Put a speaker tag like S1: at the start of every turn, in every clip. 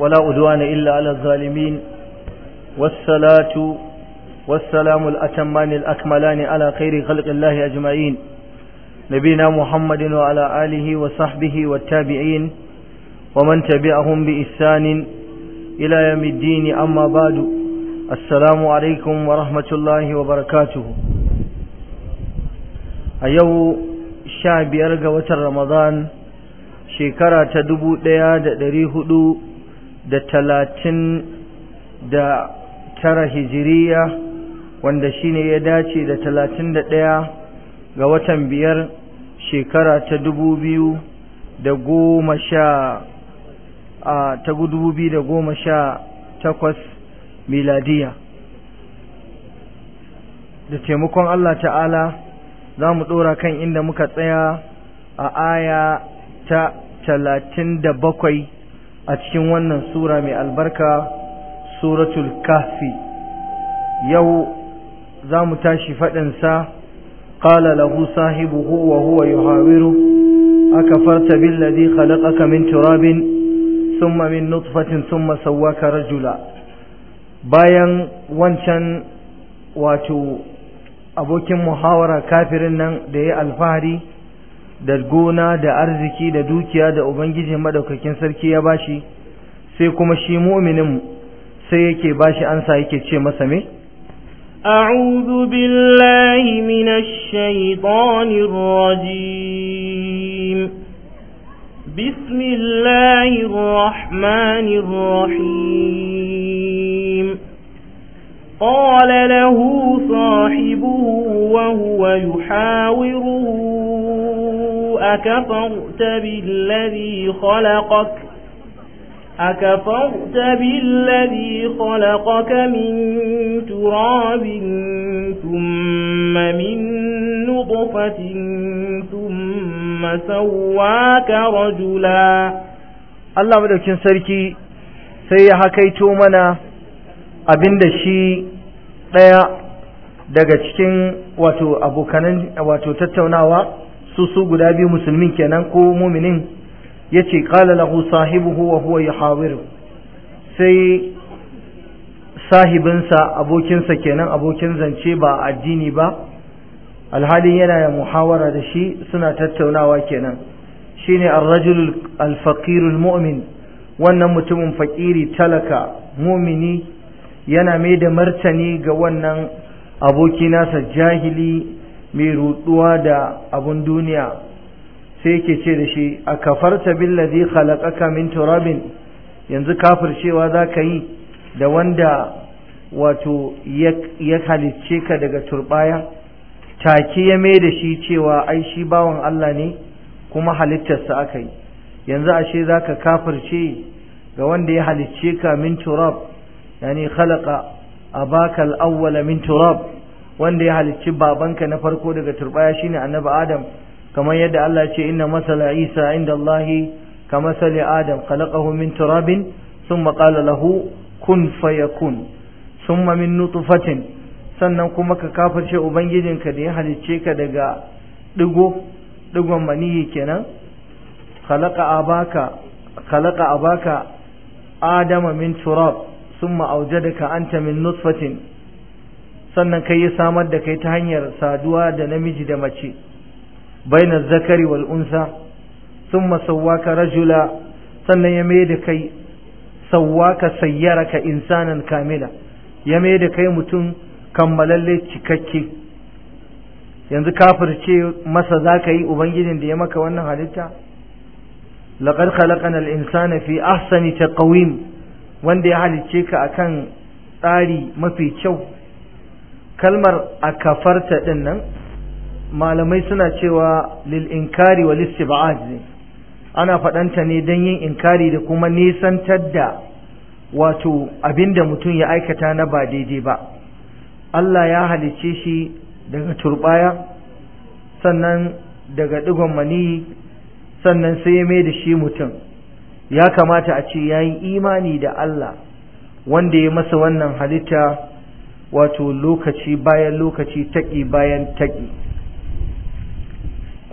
S1: ولا عدوان إلا على الظالمين والصلاة والسلام الأتمان الأكملان على خير خلق الله أجمعين نبينا محمد وعلى آله وصحبه والتابعين ومن تبعهم بإحسان إلى يوم الدين أما بعد السلام عليكم ورحمة الله وبركاته أيو شعب أرقى وتر رمضان شكرة تدبو دياد دريه دو da talatin da tara hijiriya wanda shine ya dace da talatin da ɗaya ga watan biyar shekara ta dubu biyu da goma sha a ta dubu biyu da goma sha takwas miladiya da taimakon Allah ta'ala za mu ɗora kan inda muka tsaya a aya ta talatin da bakwai a cikin wannan sura mai albarka suratul kafi yau za mu tashi faɗinsa ƙala lahu sahibu wa huwa yuhawiru akafarta billadi khalaqaka min turabin thumma min nutfatin thumma sawwaka rajula bayan wancan wato abokin muhawara kafirin nan da ya alfahari da gona da arziki da dukiya da ubangiji madaukakin sarki ya bashi sai kuma shi mu'minin sai yake bashi ansa yake ce masa me
S2: أعوذ بالله من الشيطان الرجيم بسم الله الرحمن الرحيم قال له صاحبه وهو يحاوره أكفرت بالذي خلقك أكفرت بالذي خلقك من تراب ثم من نطفة ثم سواك رجلا الله مدوكين سركي
S1: سيحا كيتو منا abinda shi ɗaya daga cikin wato abokanan wato tattaunawa su su guda biyu musulmin kenan ko muminin yace qala lahu sahibuhu wa huwa yuhawiru sai sahibinsa abokinsa kenan abokin zance ba addini ba Alhali yana ya muhawara da shi suna tattaunawa kenan shine ar-rajul al mumin wannan mutumin fakiri talaka mumini yana mai da martani ga wannan aboki nasa jahili mai rutuwa da abun duniya sai ke ce da shi a kafarta billazi khalaqaka min turabin yanzu za zaka yi da wanda wato ya halicce ka daga turbaya take ya mai da shi cewa ai shi bawan Allah ne kuma halittarsa aka yi yanzu ashe zaka kafirce ga wanda ya halicce ka min turab yani khalaqa abakal bakal awwala min turab wanda ya halicci babanka na farko daga turbaya shine annabi adam kamar yadda Allah ce inna masala isa inda Allahi ka masali adam khalaqahu min turabin thumma qala lahu kun fayakun thumma min nutfatin sannan kuma ka kafirce ubangijinka da ya halicce ka daga digo digon maniyi kenan khalaqa abaka khalaqa abaka adama min turab thumma awjadaka anta min nutfatin sannan kai ya samar da kai ta hanyar saduwa da namiji da mace baina zakari wal unsa thumma sawwaka rajula sannan ya mai da kai sawwaka sayyaraka insanan kamila ya mai da kai mutum kammalalle cikakke yanzu kafirce masa zaka yi ubangijin da ya maka wannan halitta laqad khalaqana al insana fi ahsani taqwim wanda ya halicce ka akan tsari mafi kyau kalmar a kafarta ɗin nan malamai suna cewa lil inkari wa listiba'ad ne ana faɗanta ne don yin inkari da kuma nisantar da wato abinda mutum ya aikata na ba daidai ba Allah ya halicce shi daga turbaya sannan daga digon mani sannan sai ya mai da shi mutum ya kamata a ce ya yi imani da Allah wanda ya masa wannan halitta wato lokaci bayan lokaci taƙi bayan taƙi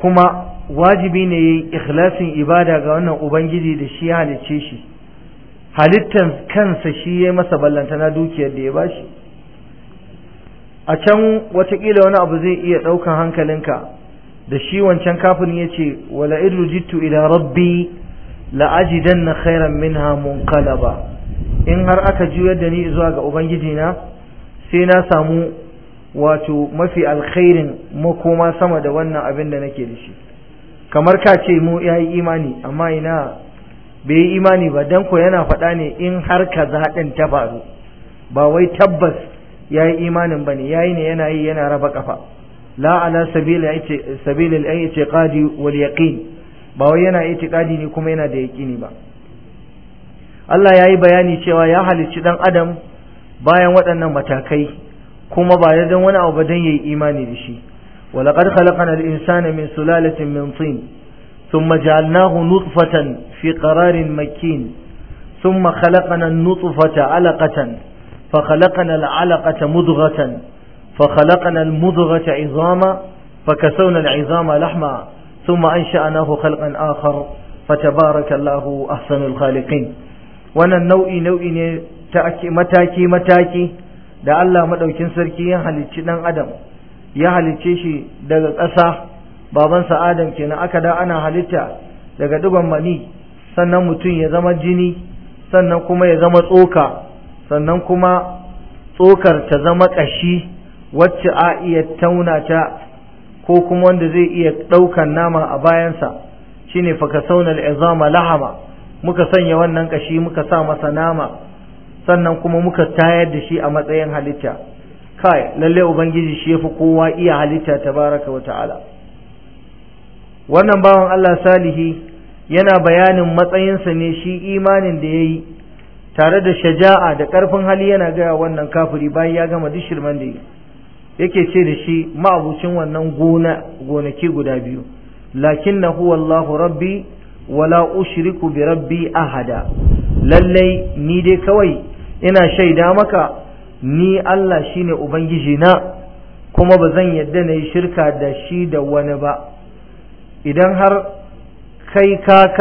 S1: kuma wajibi ne yin ikhlasin ibada ga wannan ubangiji da shi ya halicce shi halittan kansa shi ya masa na dukiyar da ya bashi a can watakila wani abu zai iya ɗaukan hankalinka da shi wancan kafin ya ce wala irrujitu ila rabbi ajidanna khairan minha munqalaba in har aka juyar da ni zuwa ga Ubangiji na? sai na samu wato mafi alkhairin makoma sama da wannan abin da nake da shi kamar ka ce mu ya yi imani amma ina bai yi imani ba dan ko yana faɗa ne in har ka zaɗin ta faru ba wai tabbas ya yi imanin ba ne ya yi ne yana yi yana raba kafa la ala sabilil ayi ce qadi wal yaqin ba wai yana itiqadi ne kuma yana da yaqini ba Allah ya yi bayani cewa ya halicci ɗan adam bayan waɗannan matakai kuma ba da don wani abu ya yi imani da shi wala qad khalaqna al insana min sulalatin min tin thumma ja'alnahu nutfatan fi qararin makin thumma khalaqna an-nutfata alaqatan fa khalaqna al-'alaqata mudghatan fa khalaqna al-mudghata 'izama fa kasawna al-'izama lahma thumma ansha'nahu khalqan akhar fa tabaraka allahu ahsanul khaliqin wannan nau'i nau'i ne mataki mataki da Allah Maɗaukin sarki ya halicci ɗan adam ya halicce shi daga ƙasa babansa adam kenan aka da ana halitta daga duban mani sannan mutum ya zama jini sannan kuma ya zama tsoka sannan kuma tsokar ta zama ƙashi wacce a iya tauna ta ko kuma wanda zai iya ɗaukan nama a bayansa shine faka izama lahama muka sanya wannan ƙashi muka sa masa nama sannan kuma muka tayar da shi a matsayin halitta kai lalle ubangiji shi yafi kowa iya halitta tabaraka wa ta'ala wannan bawan Allah salihi yana bayanin matsayinsa ne shi imanin da ya yi tare da shaja'a da ƙarfin hali yana gaya wannan kafiri bayan ya gama duk shirman da yi yake ce da shi ma'abucin wannan gona gonaki guda biyu lakin na allahu rabbi wala ushriku bi rabbi ahada lallai ni dai kawai ina shaida maka ni Allah shine ubangiji na kuma ba zan yadda na yi shirka da shi da wani ba idan har kai ka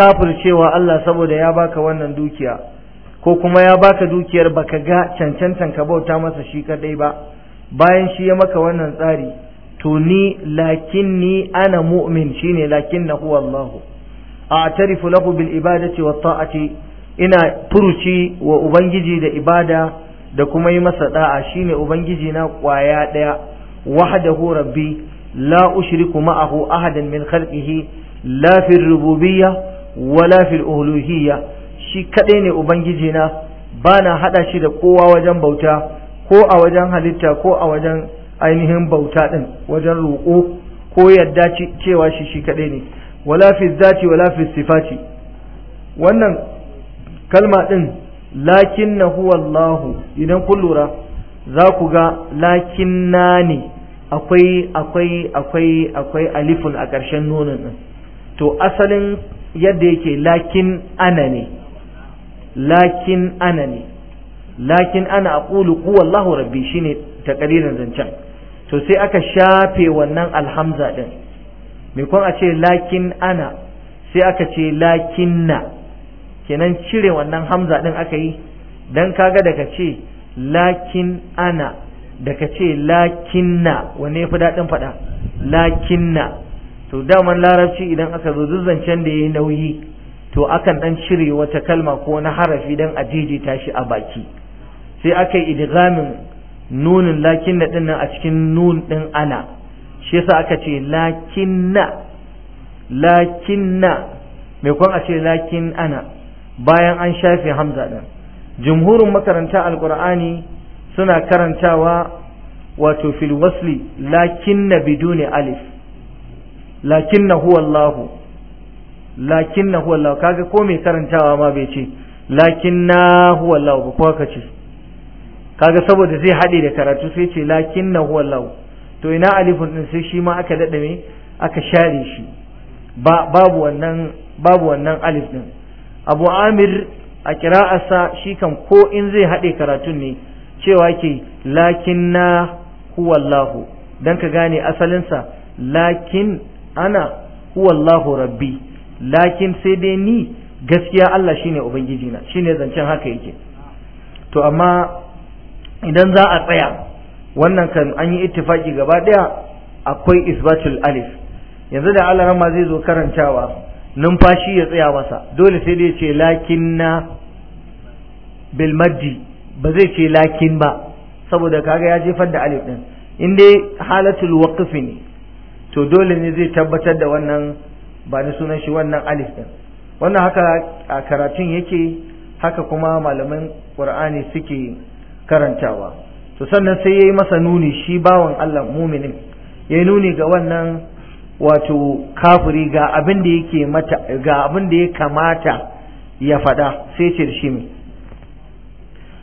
S1: cewa Allah saboda ya baka wannan dukiya ko kuma ya baka dukiyar baka ga cancantan ka bauta masa shi kadai ba bayan shi ya maka wannan tsari to ni lakinni ana mu'min shine lakinnahu wallahu a'tarifu lahu bil ibadati wat ta'ati ina furuci wa ubangiji da ibada da kuma yi masa da'a shine ubangiji na kwaya daya wahdahu rabbi la ushriku ma'ahu ahadan min khalqihi la fi rububiyya la fi uluhiyya shi kadai ne ubangiji na bana hada shi da kowa wajen bauta ko a wajen halitta ko a wajen ainihin bauta din wajen roƙo ko yadda cewa shi shi kadai ne wala fi zati wala fi sifati wannan kalma din lakin na huwallahu idan kun lura za ku ga lakin na ne akwai akwai akwai akwai alifun a ƙarshen nonon din to asalin yadda yake lakin ana ne lakin ana ne lakin ana aqulu huwallahu rabbi shine takaririn zancen to sai aka shafe wannan alhamza din me kun a ce lakin ana sai aka ce lakin na. kenan cire wannan hamza din aka yi dan kaga daga ce lakin ana daga ce lakinna wani ya fi daɗin faɗa lakinna to daman larabci idan aka zo zancen da ya yi nauyi to akan ɗan cire wata kalma ko na harafi don a jeje shi a baki sai aka yi idigamin nunin lakinna ɗin nan a cikin nun ɗin ana shi yasa aka ce lakinna lakinna mai kwan a ce lakin ana bayan an shafe hamza din jumhurin makaranta alkur'ani suna karantawa wato fil wasli lakin lakinna biduni alif lakinna huwa Lakin lakinna huwa allah kaga ko mai karantawa ma bai ce Lakin huwa allah ba kuwa ce kaga saboda zai haɗe da karatu sai ce lakin huwa allah to ina alifin din sai shi ma aka daɗa me aka share shi babu wannan alif din abu amir a kira'arsa shi kan ko in zai haɗe karatun ne cewa ke lakin na huwallahu don ka gane asalinsa lakin ana huwallahu rabbi lakin sai dai ni gaskiya Allah shi shine ubangijina ne zancen haka yake to amma idan za a tsaya wannan kan an yi ittifaki gaba daya akwai isbatul alif yanzu da Allah zai zo karantawa numfashi ya tsaya masa dole sai dai ce lakin na bilmaddi ba zai ce lakin ba saboda kaga ya jefar da alif din in dai halatul waqfi ne to dole ne zai tabbatar da wannan ba da sunan shi wannan alif din wannan haka a karatun yake haka kuma malaman qur'ani suke karantawa to sannan sai yayi masa nuni shi bawan Allah muminin yayi nuni ga wannan wato kafiri ga abin da yake mata ga abin da ya kamata ya faɗa sai ce shi mi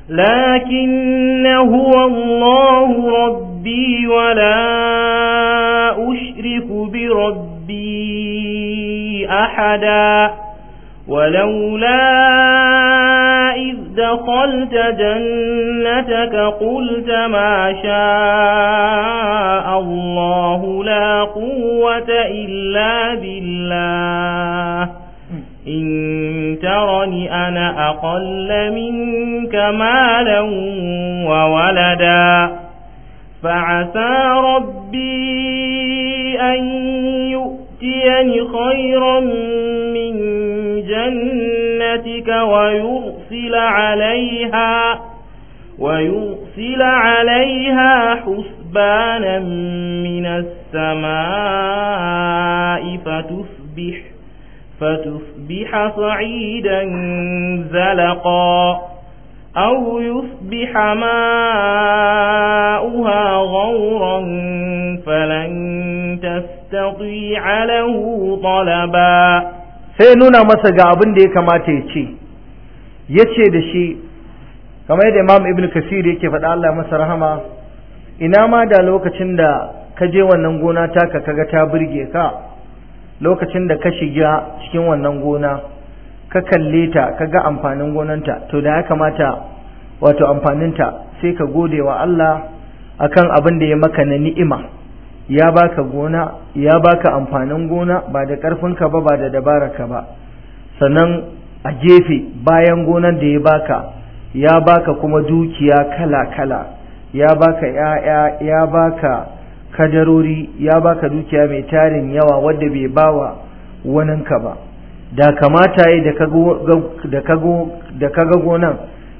S2: lakinna huwa Allahu rabbi wa la ushriku bi rabbi ahada ولولا إذ دخلت جنتك قلت ما شاء الله لا قوة إلا بالله إن ترني أنا أقل منك مالا وولدا فعسى ربي أن يؤمن يأتين خيرا من جنتك ويرسل عليها ويرسل عليها حسبانا من السماء فتصبح فتصبح صعيدا زلقا أو يصبح ماؤها غورا فلن yastati alahu talaba
S1: sai nuna masa ga abin da ya kamata ya ce yace da shi kamar yadda Imam Ibn Kasir yake faɗa Allah masa rahama ina ma da lokacin da ka je wannan gona taka kaga ta burge ka lokacin da ka shiga cikin wannan gona ka kalle ta kaga amfanin gonanta to da ya kamata wato amfaninta sai ka gode wa Allah akan abin da ya maka na ni'ima ya baka gona ya baka amfanin gona ba da ƙarfinka ba ba da dabararka ba sannan a gefe bayan gonan da ya baka ya baka kuma dukiya kala-kala ya baka ya'ya ya baka kadarori ya baka dukiya mai tarin yawa wadda bai bawa waninka ba da kamata yi da ka ga gonan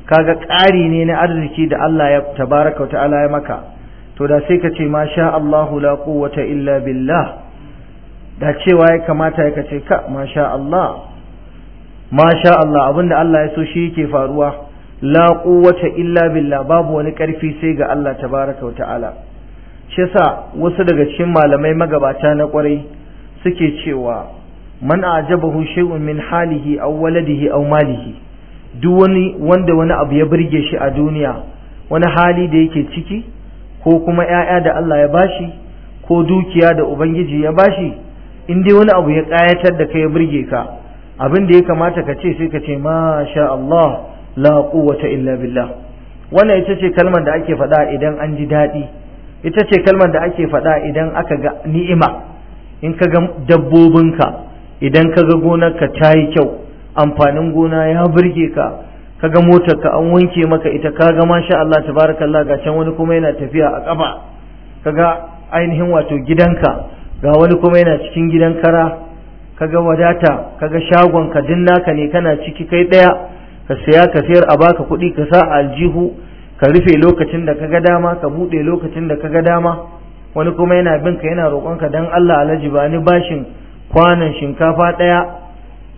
S1: kaga ƙari ne na arziki da Allah ya tabaraka ta'ala ya maka to da sai ka ce ma sha Allahu la quwwata illa billah da cewa ya kamata ya ce ka ma sha Allah ma sha Allah abinda Allah ya so shi yake faruwa la quwwata illa billah babu wani karfi sai ga Allah tabaraka wa ta'ala shi yasa wasu daga cikin malamai magabata na kwarai suke cewa man ajabahu shay'un min halihi aw waladihi aw malihi duk wani wanda wani abu ya burge shi a duniya wani hali da yake ciki ko kuma ‘ya'ya da Allah ya bashi ko dukiya da Ubangiji ya bashi in dai wani abu ya ƙayatar da ka ya burge ka abin da ya kamata ka ce sai ka ce masha Allah la quwwata illa billah wannan ita ce kalmar da ake faɗa idan an ji daɗi ita ce kalmar da ake faɗa idan aka ga ni'ima in ka ga dabbobinka idan ka ga gonarka ta yi kyau amfanin gona ya burge ka kaga motar ka an wanke maka ita ka ga masha Allah tabarakallah ga can wani kuma yana tafiya a kafa kaga ainihin wato gidanka ga wani kuma yana cikin gidan kara kaga wadata ka ga shagon ka din naka ne kana ciki kai daya ka saya ka sayar a baka kuɗi ka sa aljihu ka rufe lokacin da kaga dama ka buɗe lokacin da kaga dama wani kuma yana bin ka yana roƙon ka dan Allah alaji ba ni bashin kwanan shinkafa daya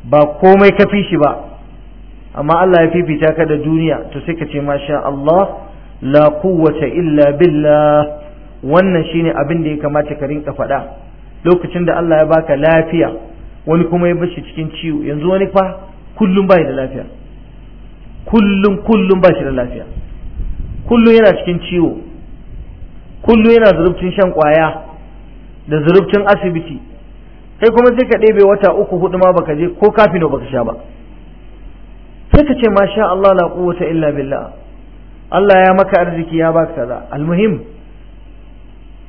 S1: ba komai ka fi shi ba amma Allah ya fifita ka da duniya to sai ka ce masha Allah la quwwata illa billah wannan shine abin da ya kamata ka rinka faɗa lokacin da Allah ya baka lafiya wani kuma ya bashi cikin ciwo yanzu wani fa kullum bai da lafiya kullum kullum ba da lafiya kullum yana cikin ciwo kullum yana zurubcin shan kwaya da zurubcin asibiti kai kuma sai ka ɗebe wata uku hudu ma baka je ko kafin ba baka sha ba sai ka ce masha Allah la quwwata illa billah Allah ya maka arziki ya baka kaza almuhim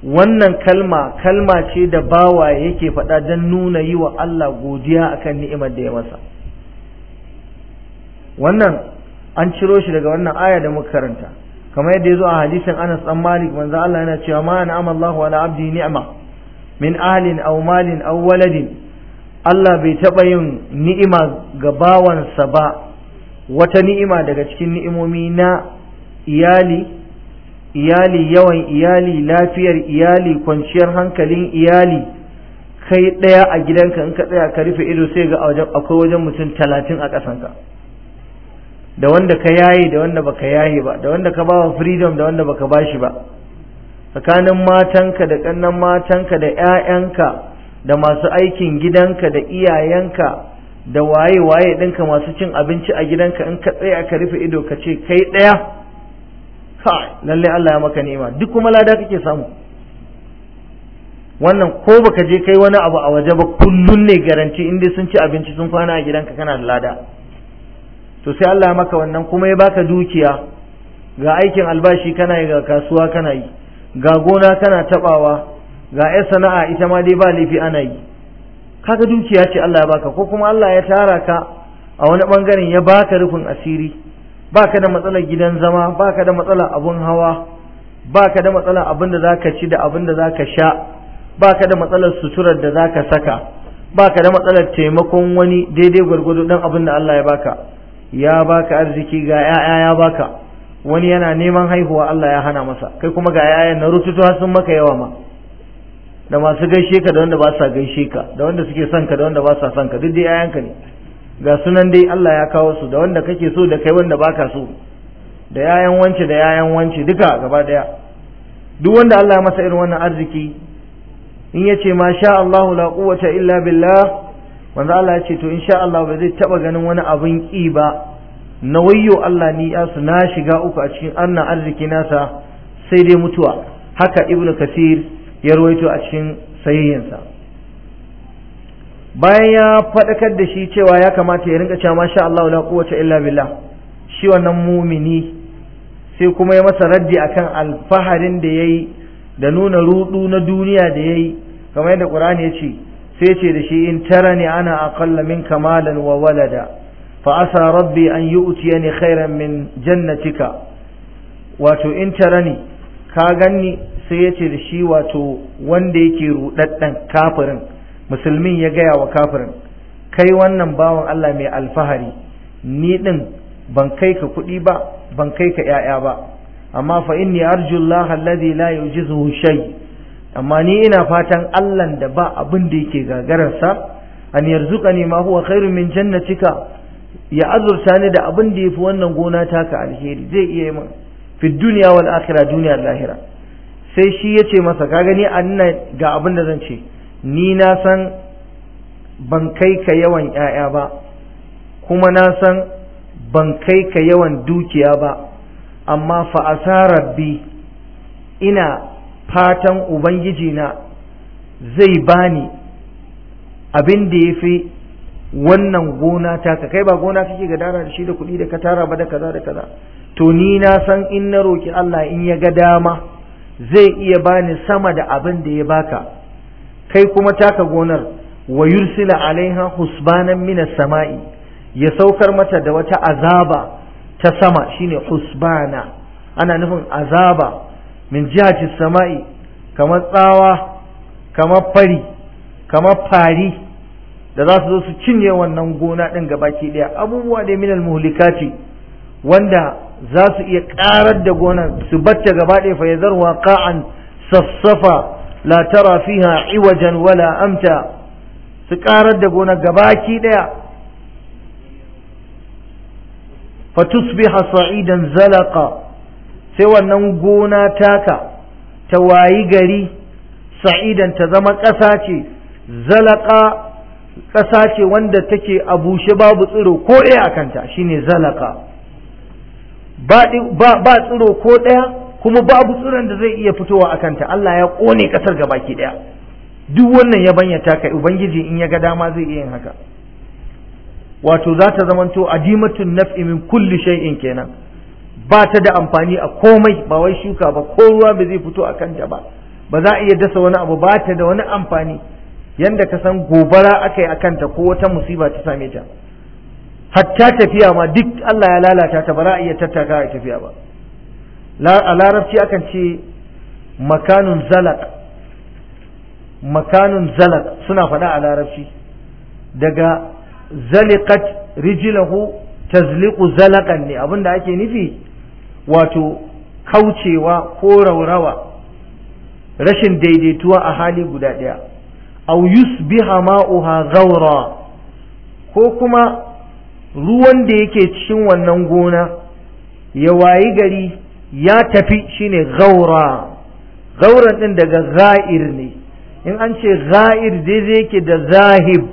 S1: wannan kalma kalma ce da bawa yake faɗa don nuna yi wa Allah godiya akan ni'imar da ya masa wannan an ciro shi daga wannan aya da muka karanta kamar yadda ya zo a hadisin Anas dan Malik manzo Allah yana cewa ma amma Allahu ala abdi ni'ma min ahlin aw malin aw waladin Allah bai taɓa yin ni'ima ga bawansa ba wata ni'ima daga cikin ni'imomi na iyali iyali yawan iyali lafiyar iyali kwanciyar hankalin iyali kai ɗaya a gidanka in ka tsaya ka rufe ido sai ga akwai wajen mutum talatin a ƙasanka da wanda ka yaye da wanda baka yaye ba da wanda ka ba wa freedom da wanda baka ba shi ba tsakanin matanka da ƙannan matanka da 'ya'yanka da masu aikin gidanka da iyayenka da waye waye ɗinka masu cin abinci a gidanka in ka tsaya ka rufe ido ka ce kai ɗaya lallai Allah ya maka ni'ima duk kuma lada kake samu wannan ko baka je kai wani abu a waje ba kullun ne garanti in dai sun ci abinci sun kwana a gidanka kana da lada to sai Allah ya maka wannan kuma ya baka dukiya ga aikin albashi kana yi ga kasuwa kana yi ga gona kana tabawa ga 'yar sana'a ita ma dai ba laifi ana yi kaga dukiya ce Allah ya baka ko kuma Allah ya tara ka a wani bangaren ya baka rufin asiri baka da matsalar gidan zama baka da matsalar abun hawa baka da matsalar abin da zaka ci da abin da zaka sha baka da matsalar suturar da zaka saka baka da matsalar taimakon wani daidai gwargwado dan abin da Allah ya baka ya baka arziki ga ya'ya ya baka wani yana neman haihuwa Allah ya hana masa kai kuma ga 'ya'yan na rututu har sun maka yawa ma da masu gaishe ka da wanda ba sa gaishe ka da wanda suke son ka da wanda ba sa son ka duk dai yayanka ne ga sunan dai Allah ya kawo su da wanda kake so da kai wanda baka so da yayan wance da yayan wance duka gaba daya duk wanda Allah ya masa irin wannan arziki in yace ce ma sha Allahu la quwwata illa billah wanda Allah ya ce to insha Allah ba zai taba ganin wani abin ki ba na wayyo Allah ni ya suna na shiga uku a cikin annan arziki nasa sai dai mutuwa haka ibnu kasir ya ruwaito a cikin sayayyansa bayan ya faɗakar da shi cewa ya kamata ya rinka cewa masha Allah la quwwata illa billah shi wannan mumini sai kuma ya masa raddi akan alfaharin da yayi da nuna rudu na duniya da yayi kamar yadda Qur'ani ya ce sai ce da shi in tarani ana aqalla min kamalan wa walada fa asa rabbi an yu'tiyani khairan min jannatika wato in tarani ka ganni sai ya ce da shi wato wanda yake rudaddan kafirin musulmin ya gaya wa kafirin kai wannan bawan Allah mai alfahari ni din ban kai ka kuɗi ba ban kai ka ‘ya'ya ba amma fa inni arju Allah alladhi la yujizuhu shay amma ni ina fatan Allah da ba abin da yake gagararsa an yarzuqani ma huwa khairun min jannatika ya azurta ni da abin da yafi wannan gona taka alheri zai iya yi min fi duniya wal akhirah duniya lahira sai shi ya ce masa ka gani ga abin da zan ce ni na san ban kai ka yawan ‘ya'ya ba kuma na san ban kai ka yawan dukiya ba amma fa'asa rabbi ina fatan ubangiji na zai bani abin da ya fi wannan gona ta ka kai ba gona kake ga dara da shi da kuɗi da ka tara ba da kaza da kaza to ni na san in na roki Allah in ya ga dama zai iya bani sama da abin da ya baka kai kuma taka gonar wa yursila alaiha husbanan minas sama'i ya saukar mata da wata azaba ta sama shine husbana ana nufin azaba min jihati sama'i kamar tsawa kamar fari kamar fari da za su zo su cinye wannan gona ɗin gabaki ɗaya abubuwa da minal muhlikati wanda za su iya karar da gonar su batta gaba ɗaya fa yazarwa qa'an safsafa la tara fiha iwajan wala amta su karar da gonar gabaki ɗaya fa tusbiha sa'idan zalaqa sai wannan gona taka ta wayi gari sa'idan ta zama ƙasa ce zalaqa ƙasa ce wanda take a bushe babu tsiro ko a kanta shine zalaka ba tsiro ko ɗaya kuma babu tsiron da zai iya fitowa a kanta Allah ya ƙone ƙasar ga baki ɗaya duk wannan ya banyata kai ubangiji in ya ga dama zai iya yin haka wato za ta zamanto adimatun naf'i min kulli shay'in kenan ba ta da amfani a komai ba wai shuka ba ko ruwa ba zai fito a kanta ba ba za a iya dasa wani abu ba ta da wani amfani yanda ka san gobara aka yi a kanta ko wata musiba ta same ta hatta tafiya ma duk Allah ya lalata ta ba za a iya tattaka a tafiya ba a larabci akan ce makanun zalak makanun zalak suna faɗa a larabci daga zalikat rijilahu tazliku zalakan ne abinda ake nufi wato kaucewa ko raurawa rashin daidaituwa a hali guda ɗaya au yusbiha ma'uha zaura ko kuma ruwan da yake cikin wannan gona ya wayi gari ya tafi shine gaura gauran din daga za'ir ne in an ce za'ir daidai yake da zahib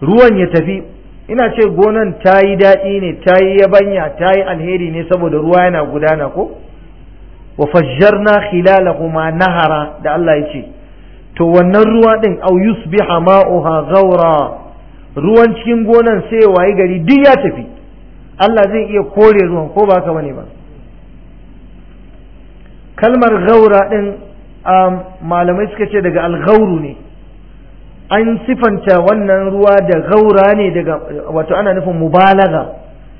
S1: ruwan ya tafi ina ce gonan ta yi daɗi ne ta yi yabanya ta yi alheri ne saboda ruwa yana gudana ko wa fajjarna khilalahuma nahara da Allah ya ce to wannan ruwa din au yusbiha ma'uha ghaura ruwan cikin gonan sai ya wayi gari duk ya tafi Allah zai iya kore ruwan ko ba ka bane ba kalmar gaura ɗin um, malamai suka ce daga algauru ne an sifanta wannan ruwa da gaura ne daga wato ana nufin mubalaga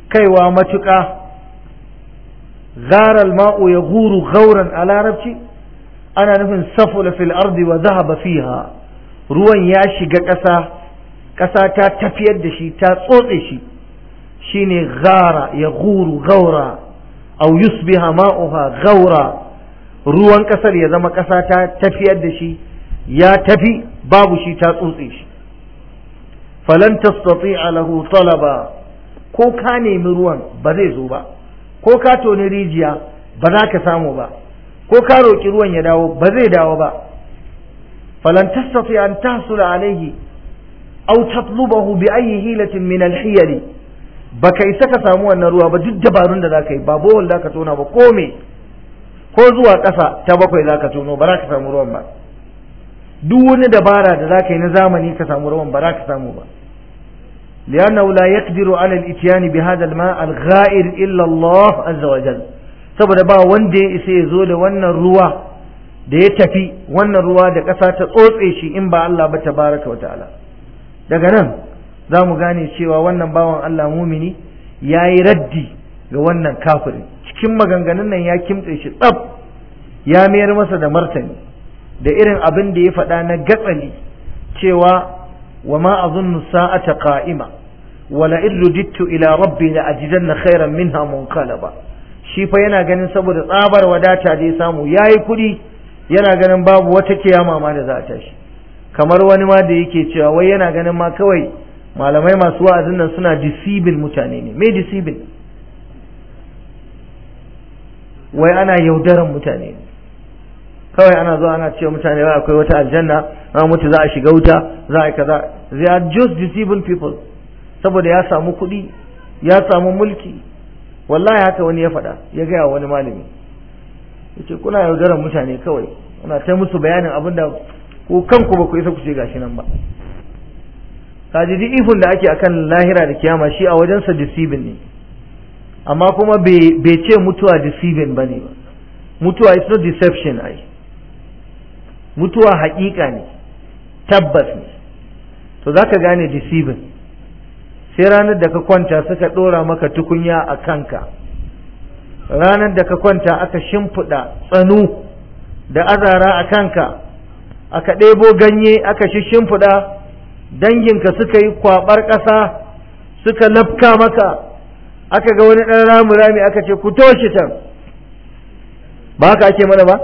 S1: kaiwa matuƙa gharal ma'u ya guru gauran a larabci ana nufin safula fil ardi wa zahaba fiha ruwan ya shiga ƙasa ƙasa ta tafiyar da shi ta tsotse shi shi ne gara ya guru gaura au yusbiha ma'uha gaura ruwan ƙasar ya zama ƙasa ta tafiyar da shi ya tafi babu shi ta tsotse shi falan tastati'a lahu talaba ko ka nemi ruwan ba zai zo ba ko ka toni rijiya ba za ka samu ba ko ka roƙi ruwan ya dawo ba zai dawo ba falan tastati'a an tahsula alaihi aw tatlubahu bi ayi hilatin min al baka isa ka samu wannan ruwa ba duk dabarun da zaka yi ba bohol tona ba ko ko zuwa ƙasa ta bakwai zaka tono ba za ka samu ruwan ba duk wani dabara da zaka na zamani ka samu ruwan ba za ka samu ba لأنه لا يقدر على الإتيان بهذا الماء الغائر إلا الله عز وجل saboda ba wanda ya isa ya zo da wannan ruwa da ya tafi wannan ruwa da ƙasa ta tsotse shi in ba Allah ba tabaraka wa ta'ala daga nan za mu gane cewa wannan bawan Allah mumini ya yi raddi ga wannan kafirin cikin maganganun nan ya kimtse shi tsaf ya mayar masa da martani da irin abin da ya faɗa na gatsali cewa wa ma azunnu sa'ata qa'ima wa la in rudittu ila rabbi la ajidanna khairan minha munqalaba shi fa yana ganin saboda tsabar wadata da ya samu yayi kudi yana ganin babu wata kiyama ma da za a tashi kamar wani ma da yake cewa wai yana ganin ma kawai malamai masu wa'azin nan suna disibin mutane ne me disibin wai ana yaudaran mutane ne kawai ana zuwa ana cewa mutane wai akwai wata aljanna na mutu za a shiga wuta za a kaza they are just deceiving people saboda ya samu kuɗi ya samu mulki wallahi haka wani ya faɗa ya gaya wani malami yace kuna yaudaran mutane kawai ana ta musu bayanin abin da ko kanku ba ku isa ku ce gashi nan ba kaji duk ihun da ake akan lahira da kiyama shi a wajensa deceiving ne amma kuma bai ce mutuwa deceiving ba ne ba mutuwa is not deception ai mutuwa haƙiƙa ne tabbas ne to za ka gane deceiving sai ranar da ka kwanta suka ɗora maka tukunya a kanka ranar da ka kwanta aka shimfiɗa tsanu da azara a kanka aka ɗebo ganye aka shimfiɗa danginka suka yi kwaɓar ƙasa suka lafka maka aka ga wani ɗan ramu rami aka ce ku toshe can ba haka ake mana ba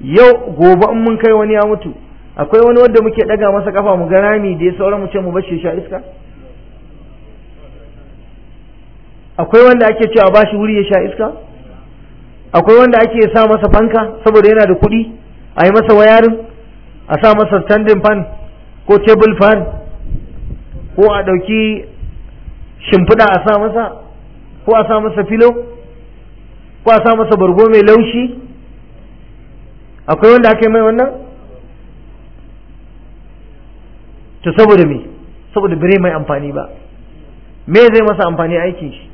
S1: yau gobe in mun kai wani ya mutu akwai wani wanda muke ɗaga masa kafa mu ga rami da ya sauran mu ce mu bashi sha iska akwai wanda ake cewa bashi wuri ya sha iska akwai wanda ake sa masa fanka saboda yana da kuɗi a yi masa wayarin a sa masa standing fan ko table fan ko a ɗauki shimfiɗa a sa masa ko a sa masa filo ko a sa masa bargo mai laushi akwai wanda aka yi mai wannan to saboda me saboda bire mai amfani ba me zai masa amfani aikin shi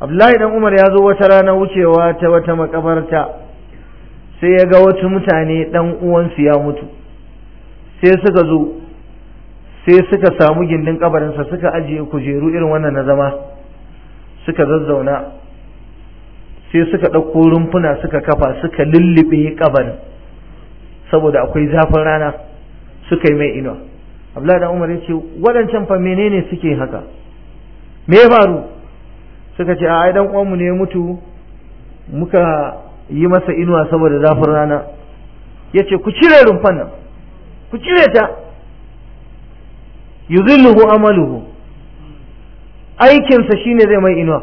S1: abdullahi dan umar ya zo wata rana wucewa ta wata makabarta sai ya ga wasu mutane dan uwansu ya mutu sai suka zo sai suka samu gindin kabarinsa suka ajiye kujeru irin wannan na zama suka zazzauna sai suka ɗauko rumfuna suka kafa suka lullube kabarin saboda akwai zafin rana suka yi mai inuwa abdullahi da umar ya ce waɗancan fa menene suke haka me ya faru suka ce a dan uwanmu ne mutu muka yi masa inuwa saboda zafin rana ya ce ku cire rumfan nan ku cire ta yuzilluhu amaluhu aikinsa shine zai mai inuwa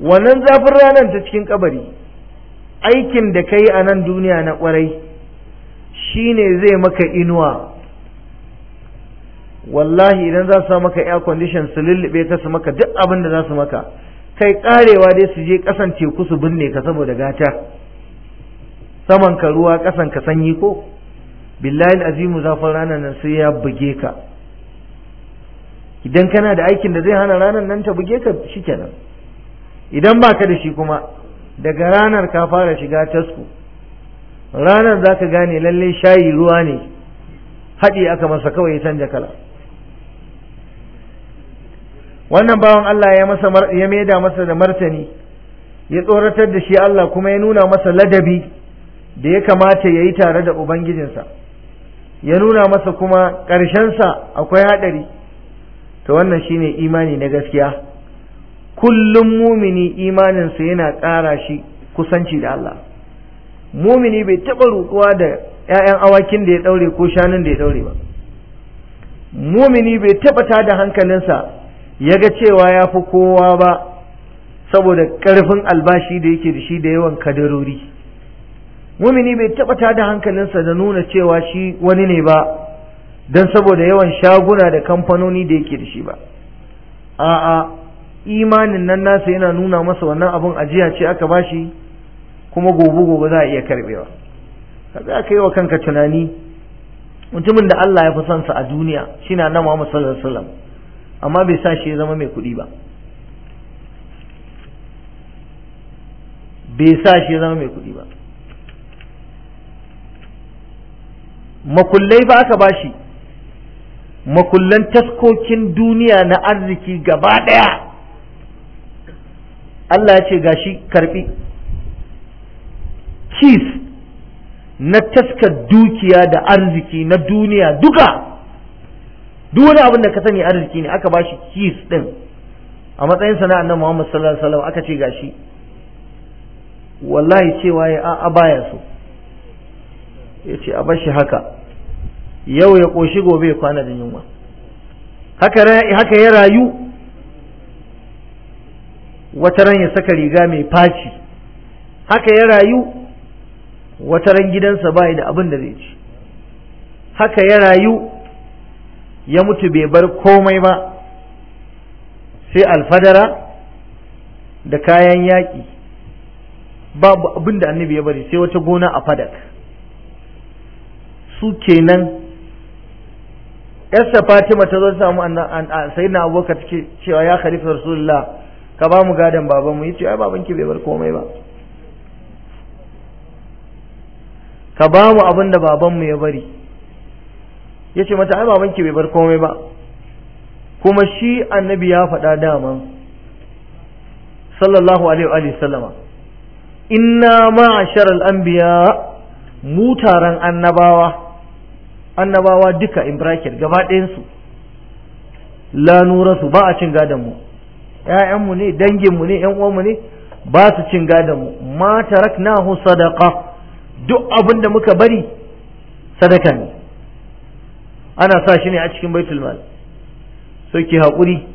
S1: wannan zafin ranar ta cikin kabari aikin da ka yi a nan duniya na kwarai shine zai maka inuwa wallahi idan za su maka air condition su lullube ka su maka duk abin da za su maka kai karewa dai su je kasan teku su binne ka saboda gata saman ka ruwa kasan ka sanyi ko billahi azimu zafin ranar nan sai ya buge ka idan kana da aikin da zai hana ranar nan ta buge ka shikenan idan baka da shi kuma daga ranar ka fara shiga tasku ranar za ka gane lallai shayi ruwa ne haɗi aka masa kawai ya canja kala wannan bawan Allah ya ya maida masa da martani ya tsoratar da shi Allah kuma ya nuna masa ladabi da ya kamata ya yi tare da Ubangijinsa. ya nuna masa kuma ƙarshensa akwai haɗari to wannan shine imani na gaskiya kullum mumini imaninsa yana ƙara shi kusanci da Allah mumini bai taɓa rukuwa da 'ya'yan awakin da ya ɗaure ko shanun da ya ɗaure ba mumini bai taɓa da hankalinsa ya ga cewa ya fi kowa ba saboda ƙarfin albashi da yake da shi da yawan kadarori mumini bai taba tada hankalinsa da nuna cewa shi wani ne ba don saboda yawan shaguna da kamfanoni da yake da shi ba a'a imanin nan nasa yana nuna masa wannan abin ajiya ce aka bashi kuma gobe gobe za a iya karbewa ka za ka yi wa kanka tunani mutumin da Allah ya fi sansa a duniya shine annabi Muhammad sallallahu alaihi amma bai sa shi ya zama mai kuɗi ba bai sa shi ya zama mai kuɗi ba makullai ba aka bashi makullan taskokin duniya na arziki gaba ɗaya Allah ya ce gashi karbi kis na taskar dukiya da arziki na duniya duka duk wani abin da ka sani arziki ne aka bashi kis din a matsayin sana'a annabi Muhammad sallallahu alaihi wasallam aka ce gashi wallahi cewa ya a baya so ya ce a bar shi haka yau ya ƙoshi gobe ya kwana da yunwa haka ya rayu wata ran ya saka riga mai faci haka ya rayu wata ran gidansa ba da abin da zai ci haka ya rayu ya mutu bai bar komai ba sai alfadara da kayan yaƙi babu abin da annabi ya bari sai wata gona a fadak su kenan yarsa Fatima ta zo ta samu sayyidina Abubakar ce cewa ya khalifa Rasulullah ka ba mu gadan baban mu yace ai baban ki bai bar komai ba ka ba mu abin da baban mu ya bari yace mata ai baban ki bai bar komai ba kuma shi annabi ya faɗa dama sallallahu alaihi wa sallama inna ma'ashar al-anbiya mutaran annabawa annabawa duka in bracket gaba ɗayansu la nurasu ba a cin gadon mu ƴaƴanmu ne danginmu ne ƴan uwanmu ne ba su cin gadon mu ma taraknahu sadaka duk abin da muka bari sadaka ne ana sa shi ne a cikin baitul mal so ki haƙuri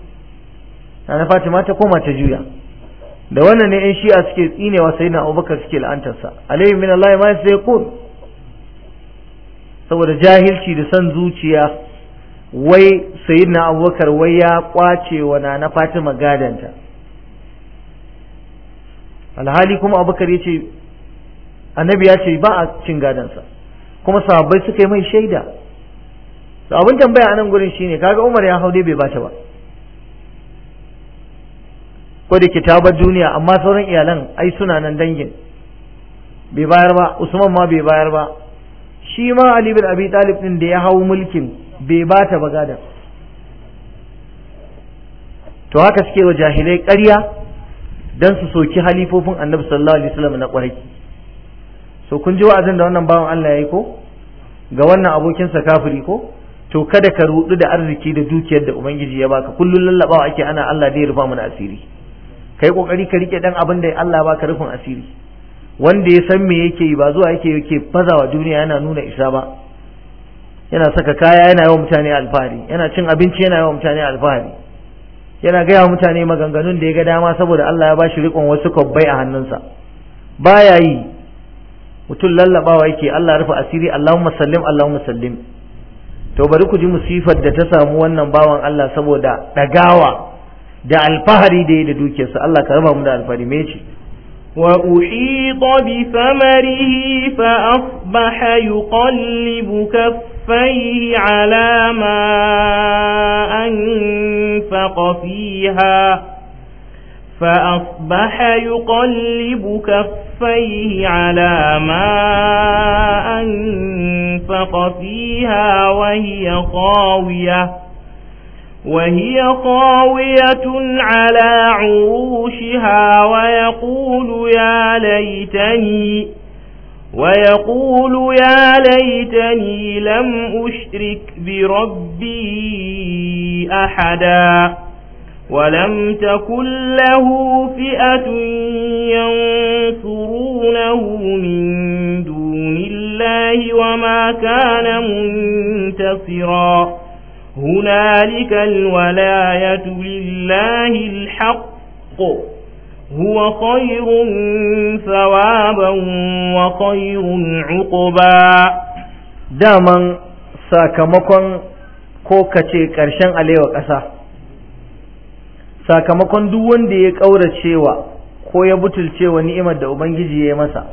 S1: na Fatima ta koma ta juya da wannan ne ƴan shi'a suke tsinewa sai na Abubakar suke la'antarsa alayhi min Allah ma yasayqun saboda jahilci da san zuciya wai na abubakar wai ya kwace wa na fatima gadanta alhali kuma abubakar ya ce annabi ya ce ba a cin gadansa kuma sahabbai suka yi mai shaida to abin tambaya a nan gurin shine kaga umar ya hau dai bai bata ba ko da kitabar duniya amma sauran iyalan ai suna nan dangin bai bayar ba usman ma bai bayar ba shi ma Ali bin Abi Talib din da ya hau mulkin bai bata ba gadan to haka suke wa jahilai ƙarya dan su soki halifofin Annabi sallallahu alaihi wasallam na ƙwarai so kun ji wa'azin da wannan bawan Allah yayi ko ga wannan abokinsa kafiri ko to kada ka rudu da arziki da dukiyar da ubangiji ya baka kullun lallabawa ake ana Allah zai rufa mana asiri kai kokari ka rike dan abin da Allah ya baka rufin asiri wanda ya san me yake yi ba zuwa yake yake wa duniya yana nuna isa ba yana saka kaya yana yawan mutane alfahari yana cin abinci yana yawan mutane alfahari yana gaya mutane maganganun da ya ga dama saboda Allah ya bashi rikon wasu kwabbai a hannunsa baya yi mutum lallabawa yake Allah rufe asiri Allahumma sallim Allahumma sallim to bari ku ji musifar da ta samu wannan bawan Allah saboda dagawa da alfahari da ya da dukiyarsa Allah ka raba mu da alfahari me ce
S2: وأحيط بثمره فأصبح يقلب كفيه على ما أنفق فيها فأصبح يقلب كفيه على ما أنفق فيها وهي خاوية وهي قاوية على عروشها ويقول يا ليتني ويقول يا ليتني لم أشرك بربي أحدا ولم تكن له فئة ينصرونه من دون الله وما كان منتصرا هنالك الولاية لله الحق هو خير ثوابا وخير عقبا داما
S1: ساكمكن
S2: كوكتي
S1: كرشن عليه وكسا sakamakon duk wanda ya ƙauracewa ko ya butulcewa ni'imar da ubangiji ya yi masa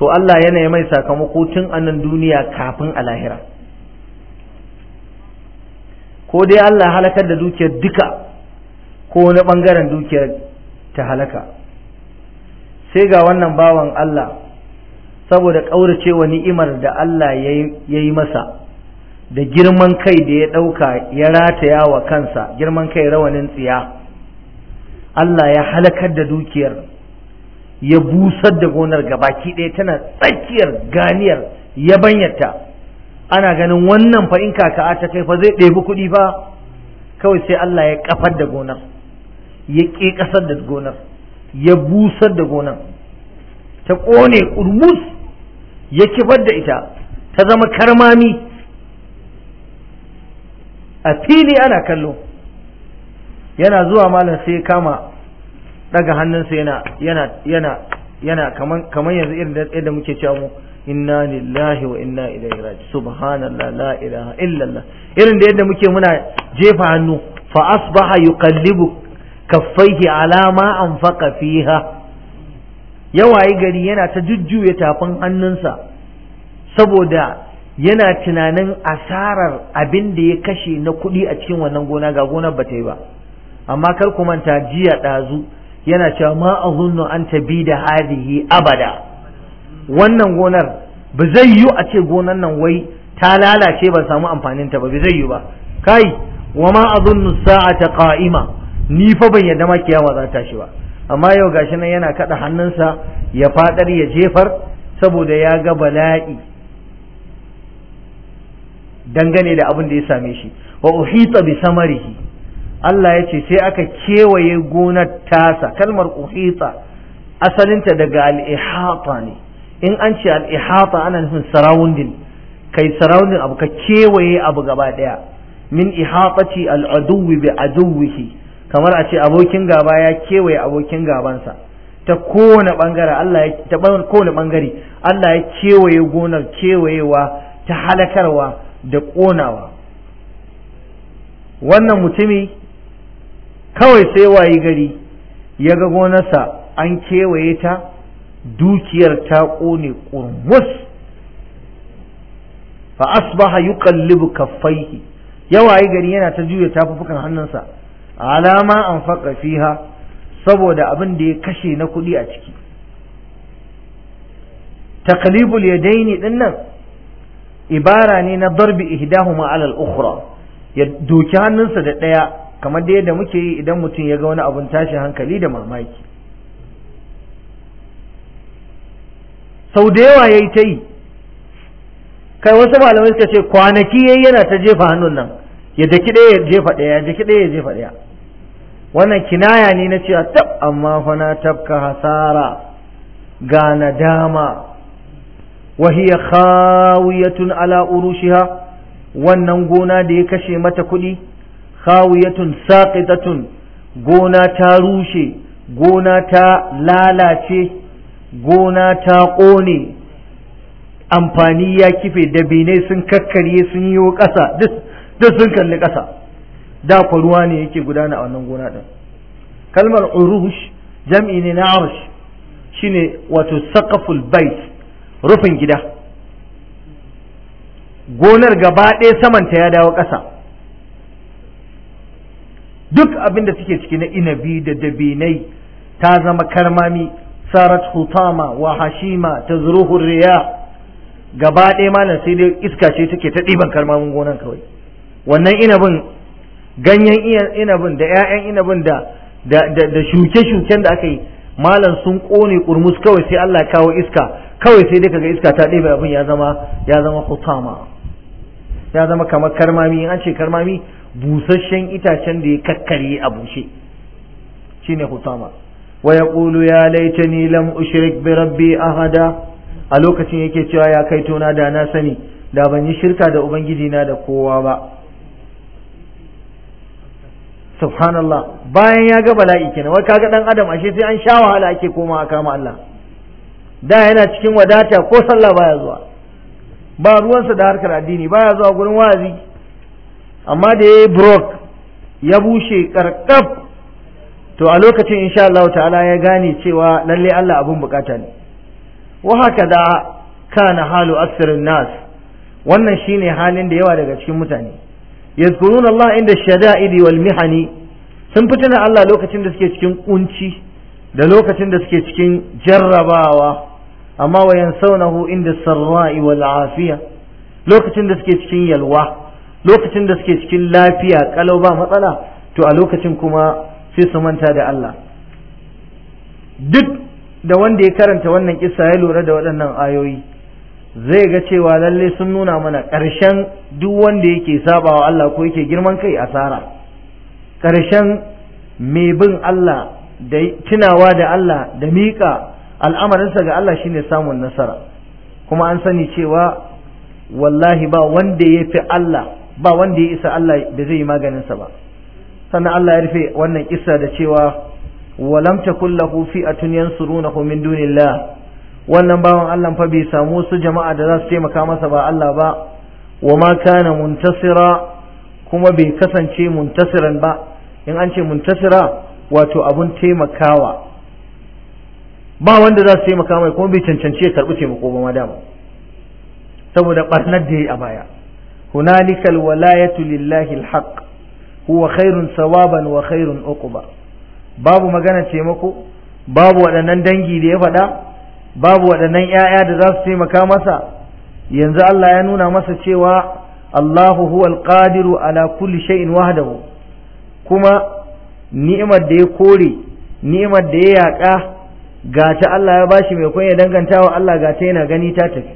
S1: to Allah yana mai sakamako tun a nan duniya kafin a lahira ko dai Allah halakar da dukiyar duka ko wani bangaren dukiyar ta halaka sai ga wannan bawan Allah saboda ƙauracewa ni'imar da Allah ya yi masa da girman kai da ya ɗauka ya rataya wa kansa girman kai rawanin tsiya Allah ya halakar da dukiyar ya busar da gonar ga baki ɗaya tana tsakiyar ganiyar yabanyarta ana ganin wannan fa in kaka ta kai fa zai ɗebi kuɗi fa kawai sai Allah ya kafar da gonar ya ƙe ƙasar da gonar ya busar da gonar ta ƙone ƙurmus ya kifar da ita ta zama karmami a fili ana kallo yana zuwa malam sai ya kama daga hannunsa yana yana yana yana kaman kaman yanzu irin da yadda muke cewa mu inna lillahi wa inna ilaihi raji subhanallah la ilaha illallah irin da yadda muke muna jefa hannu fa asbaha yuqallibu kaffaihi ala ma anfaqa fiha yawayi gari yana ta jujjuya tafin hannunsa saboda yana tunanin asarar abin da ya kashe na kuɗi a cikin wannan gona ga gonar ba ta yi ba amma kar ku manta jiya ɗazu yana cewa ma a zunnu an da hadihi abada wannan gonar ba zai yiwu a ce gonar nan wai ta lalace ban samu amfanin ta ba ba zai yi ba kai wa ma a Sa'a sa'ata qa'ima ni fa ban yadda ma kiyama za ta shi ba amma yau gashi nan yana kaɗa hannunsa ya faɗar, ya jefar saboda ya ga bala'i dangane da abin da ya same shi wa uhita bi samarihi Allah ya ce sai aka kewaye gonar tasa kalmar uhita asalinta daga al'ihata ne in an ce al'ihata ana nufin surrounding kai surrounding abu ka kewaye abu gaba daya min ihatati al'aduwi bi aduwihi kamar a ce abokin gaba ya kewaye abokin gabansa ta kowane bangare Allah ya ta kowane bangare Allah ya kewaye gonar kewayewa ta halakarwa da ƙonawa wannan mutumi kawai sai wayi gari ya ga gonarsa an kewaye ta dukiyar ta ƙone ƙurmus fa asbaha yuqallibu kaffaihi ya wayi gari yana ta juya tafufukan hannunsa alama an faqa fiha saboda abin da ya kashe na kuɗi a ciki taqlibul yadaini dinnan ibara ne na darbi ihdahuma ala al-ukhra ya doki hannunsa da ɗaya kamar da yadda muke yi idan mutum ya ga wani abun tashi hankali da mamaki sau da yawa ya yi ta yi kai wasu malamai suka ce kwanaki ya yi yana ta jefa hannun nan ya daki ɗaya ya jefa ɗaya ya daki ɗaya ya jefa ɗaya wannan kinaya ne na cewa tab amma fa na tabka hasara ga nadama wa hiya khawiyatun ala urushiha wannan gona da ya kashe mata kuɗi khawiyatun saqitatun gona ta rushe gona ta lalace gona ta ƙone amfani ya kife da dabinai sun kakkarye sun yi ƙasa duk sun kalli ƙasa da ruwa ne yake gudana a wannan gona din. kalmar urush jam'i ne na arsh shine wato saqaful bait rufin gida gonar gaba ɗaya samanta ya dawo ƙasa duk abin da suke ciki na inabi da dabinai ta zama karmami sarat hutama wa hashima ta zuruhun riya gaba ɗaya malam sai dai iska ce take ta ɗiban karmamin gonan kawai wannan inabin ganyen inabin da 'ya'yan inabin da da shuke-shuken da aka yi malam sun ƙone ƙurmus kawai sai Allah kawo iska kawai sai dai kaga iska ta ɗebe abin ya zama hutama ya zama kamar karmami an ce karmami busasshen itacen da ya kakkarye a bushe ya hutama wa ƙulu ya ni lam ushrik bi rabbi ahada a lokacin yake cewa ya kai tona da na sani da ban yi shirka da ubangiji na da kowa ba subhanallah bayan ya ga bala'i kenan wai kaga dan adam ashe sai an sha wahala ake koma a kama Allah da yana cikin wadata ko sallah baya zuwa ba ruwansa da harkar addini baya zuwa gurin wa'azi amma da ya yi brok ya bushe karkaf to a lokacin insha Allah ta'ala ya gane cewa lalle Allah abun bukata ne wa haka da kana halu aksirin nas wannan shine halin da yawa daga cikin mutane yazkurun Allah inda shada'idi wal mihani sun na Allah lokacin da suke cikin kunci da lokacin da suke cikin jarrabawa amma wayan saunahu inda sarra'i wal afiya lokacin da suke cikin yalwa lokacin da suke cikin lafiya kalau ba matsala to a lokacin kuma sai su manta da Allah duk da wanda ya karanta wannan kissa ya lura da waɗannan ayoyi zai ga cewa lalle sun nuna mana ƙarshen duk wanda yake sabawa Allah ko yake girman kai asara ƙarshen mai bin Allah da tunawa da Allah da miƙa al'amarinsa ga Allah shine samun nasara kuma an sani cewa wallahi ba wanda ya fi Allah ba wanda ya isa Allah da zai yi maganin sa ba sannan Allah ya rufe wannan kissa da cewa walam takul fi'atun yansurunahu min dunillah wannan bawan Allah fa bai samu su jama'a da za su taimaka masa ba Allah ba wa ma kana muntasira kuma bai kasance muntasiran ba in an ce muntasira wato abun taimakawa ba wanda za su taimaka mai kuma bai cancanci ya karɓi taimako ba ma dama saboda ɓarnar da ya yi a baya هنالك الولاية لله الحق ban خير ثوابا وخير عقبا babu magana taimako babu waɗannan dangi da ya faɗa babu waɗannan ‘ya'ya da za su taimaka masa yanzu Allah ya nuna masa cewa Allahu huwal qadiru ala kulli shay'in wahdahu kuma ni'imar da ya kore ni'imar da ya yaƙa ga ta Allah ya bashi mai ya dangantawa Allah ga ta yana gani ta tafi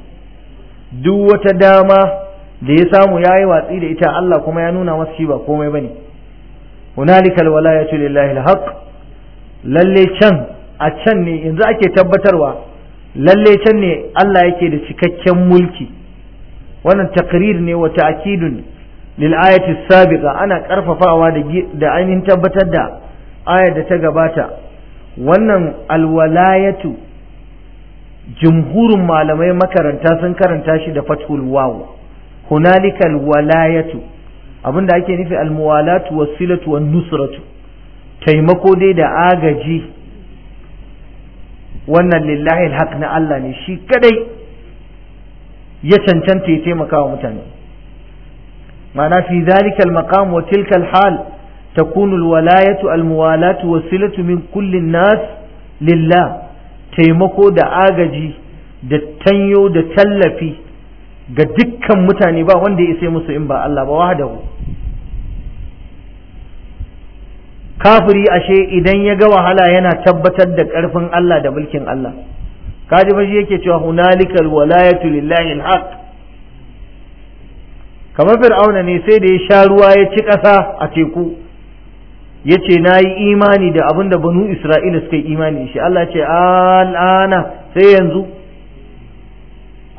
S1: duk wata dama da ya samu ya yi watsi da ita Allah kuma ya nuna masa shi ba komai bane hunalika alwalayatu lillahi alhaq lalle can a can ne yanzu ake tabbatarwa lalle can ne Allah yake da cikakken mulki wannan takrir ne wata ta'kidun lil ayati ana ƙarfafawa da da ainihin tabbatar da ayar da ta gabata wannan alwalayatu jumhurin malamai makaranta sun karanta shi da fathul wawu hunalika walayatu abinda ake nufi almuwalatu wasilatu wa nusratu taimako dai da agaji wannan lillahi alhaq na Allah ne shi kadai ya cancanta ya taimaka wa mutane ma'ana fi dhalika almaqam wa tilka alhal takunu alwalayatu almuwalatu wasilatu min kulli nas lillah taimako da agaji da tanyo da tallafi ga dukkan mutane ba wanda ya isa musu in ba Allah ba wahdahu kafiri ashe idan ya ga wahala yana tabbatar da karfin Allah da mulkin Allah kaji ba shi yake cewa hunalikal walayatu lillahi alhaq kamar fir'auna ne sai da ya sha ruwa ya ci ƙasa a teku ya ce na yi imani da abin da banu isra'ila suka yi imani shi Allah ce al'ana sai yanzu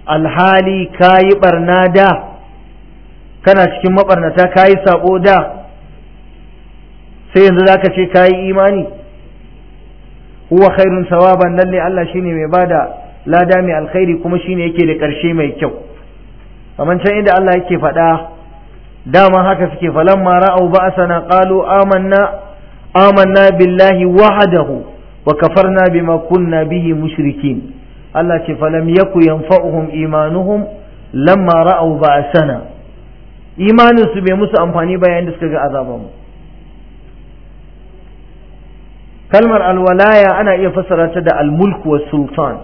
S1: alhali ka yi barna da kana cikin maɓarnata ka yi saɓo da sai yanzu za ka ce ka yi imani huwa khairun sawaban lalle Allah shine mai bada lada mai alkhairi kuma shine yake da ƙarshe mai kyau kamar can inda Allah yake faɗa dama haka suke falamma ra'au ba'sana qalu amanna amanna billahi wahdahu wa kafarna bima kunna bihi mushrikin Allah ce falam yaku yanfa'uhum imanuhum lamma ra'aw ba'sana imanin su bai musu amfani ba yayin da suka ga azaban mu kalmar alwalaya ana iya fassara ta da almulk wa sultan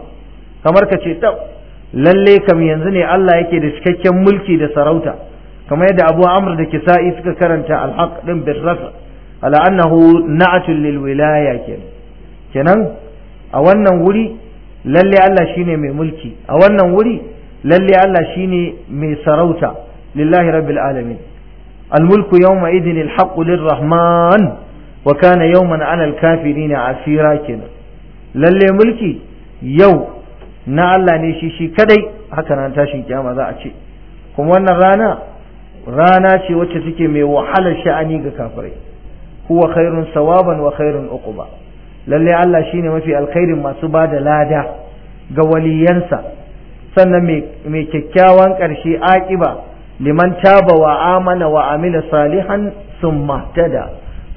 S1: kamar ka ce lalle kam yanzu ne Allah yake da cikakken mulki da sarauta kamar yadda Abu Amr da Kisa'i suka karanta al-haq din bir na ala annahu na'atul lil wilaya kenan a wannan wuri Lallai Allah shine mai mulki a wannan wuri lallai Allah shine mai sarauta lillahi rabbil alamin الملك يومئذ الحق للرحمن وكان يوما على الكافرين asira kenan, lallai mulki yau na Allah ne shi shi kadai haka nan tashi kiyama za a ce kuma wannan rana rana ce wacce take mai wahalar sha'ani ga kafirai huwa khairun ban wa uku ba. lalle Allah shine mafi alkhairin masu ba da lada ga waliyansa sannan mai kyakkyawan ƙarshe aƙiba liman taba wa amana wa amila salihan sun mahtada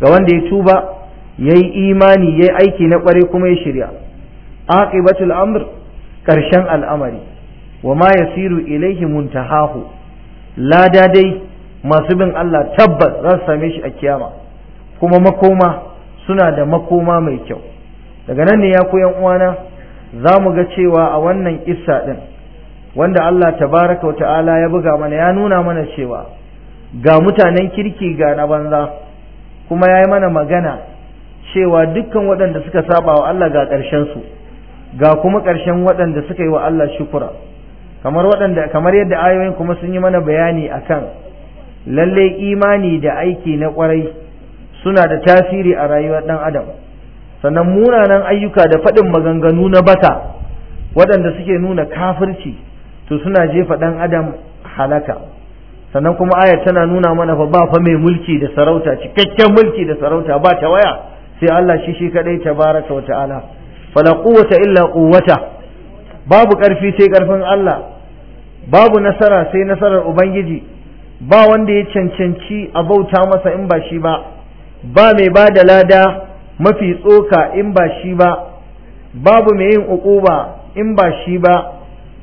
S1: ga wanda ya tuba ya yi imani ya yi aiki na ƙware kuma ya shirya aƙibatul amr ƙarshen al'amari wa ma yasiru ilaihi muntahahu lada dai masu bin Allah tabbas za su same shi a kiyama kuma makoma suna da makoma mai kyau daga nan ne ya koyan uwana za mu ga cewa a wannan kissa ɗin, wanda Allah tabaraka ta'ala ya buga mana ya nuna mana cewa ga mutanen kirki ga na banza kuma ya yi mana magana cewa dukkan waɗanda suka saba wa Allah ga ƙarshensu ga kuma ƙarshen waɗanda suka yi wa Allah shukura kamar waɗanda kamar yadda ayoyin kuma sun yi mana bayani akan lalle imani da aiki na ƙwarai suna da tasiri a rayuwar ɗan adam sannan munanan ayyuka da faɗin maganganu na bata waɗanda suke nuna kafirci to suna jefa ɗan adam halaka sannan kuma ayar tana nuna mana fa ba fa mai mulki da sarauta cikakken mulki da sarauta ba ta waya sai Allah shi shi kadai tabaraka wa ta'ala fala quwwata illa quwwata babu ƙarfi sai ƙarfin Allah babu nasara sai nasarar ubangiji ba wanda ya cancanci a bauta masa in ba shi ba ba mai ba da lada mafi tsoka in ba shi ba babu mai yin uquba in ba shi ba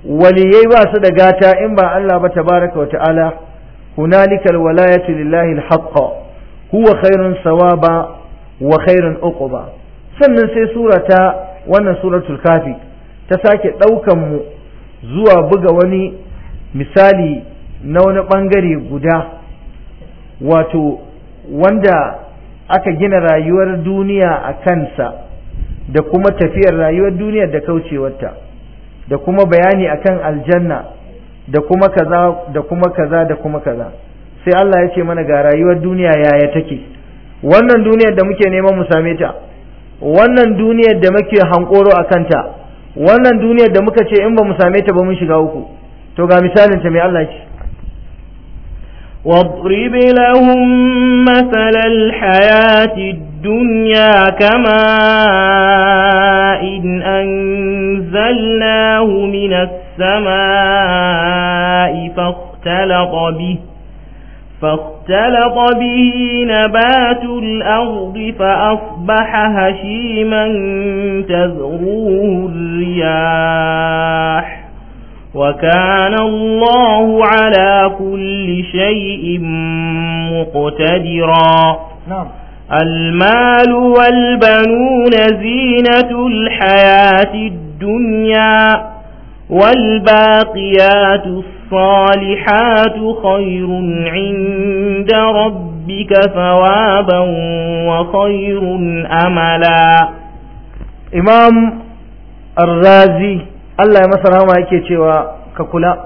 S1: waliyai ba su da gata in ba Allah ba tabaraka wa ta'ala hunalikal alwalayatu lillahi alhaqqa huwa khairun sawaba wa khairun uquba sannan sai surata wannan suratul kafi ta sake daukan mu zuwa buga wani misali na wani bangare guda wato wanda aka gina rayuwar duniya a kansa da kuma tafiyar rayuwar duniya da kaucewarta da kuma bayani akan aljanna da kuma kaza da kuma kaza da kuma kaza sai Allah ya ce mana ga rayuwar duniya yaya take wannan duniyar da muke neman mu same ta wannan duniyar da muke hankoro a kanta wannan duniyar da muka ce in ba mu same ta ba mun shiga uku to ga misalin ta mai Allah ce
S2: واضرب لهم مثل الحياة الدنيا كماء إن أنزلناه من السماء فاختلط به فاختلط به نبات الأرض فأصبح هشيما تذروه الرياح وكان الله على كل شيء مقتدرا نعم المال والبنون زينة الحياة الدنيا والباقيات الصالحات خير عند ربك ثوابا وخير أملا إمام الرازي
S1: Allah ya masa rahama yake cewa ka kula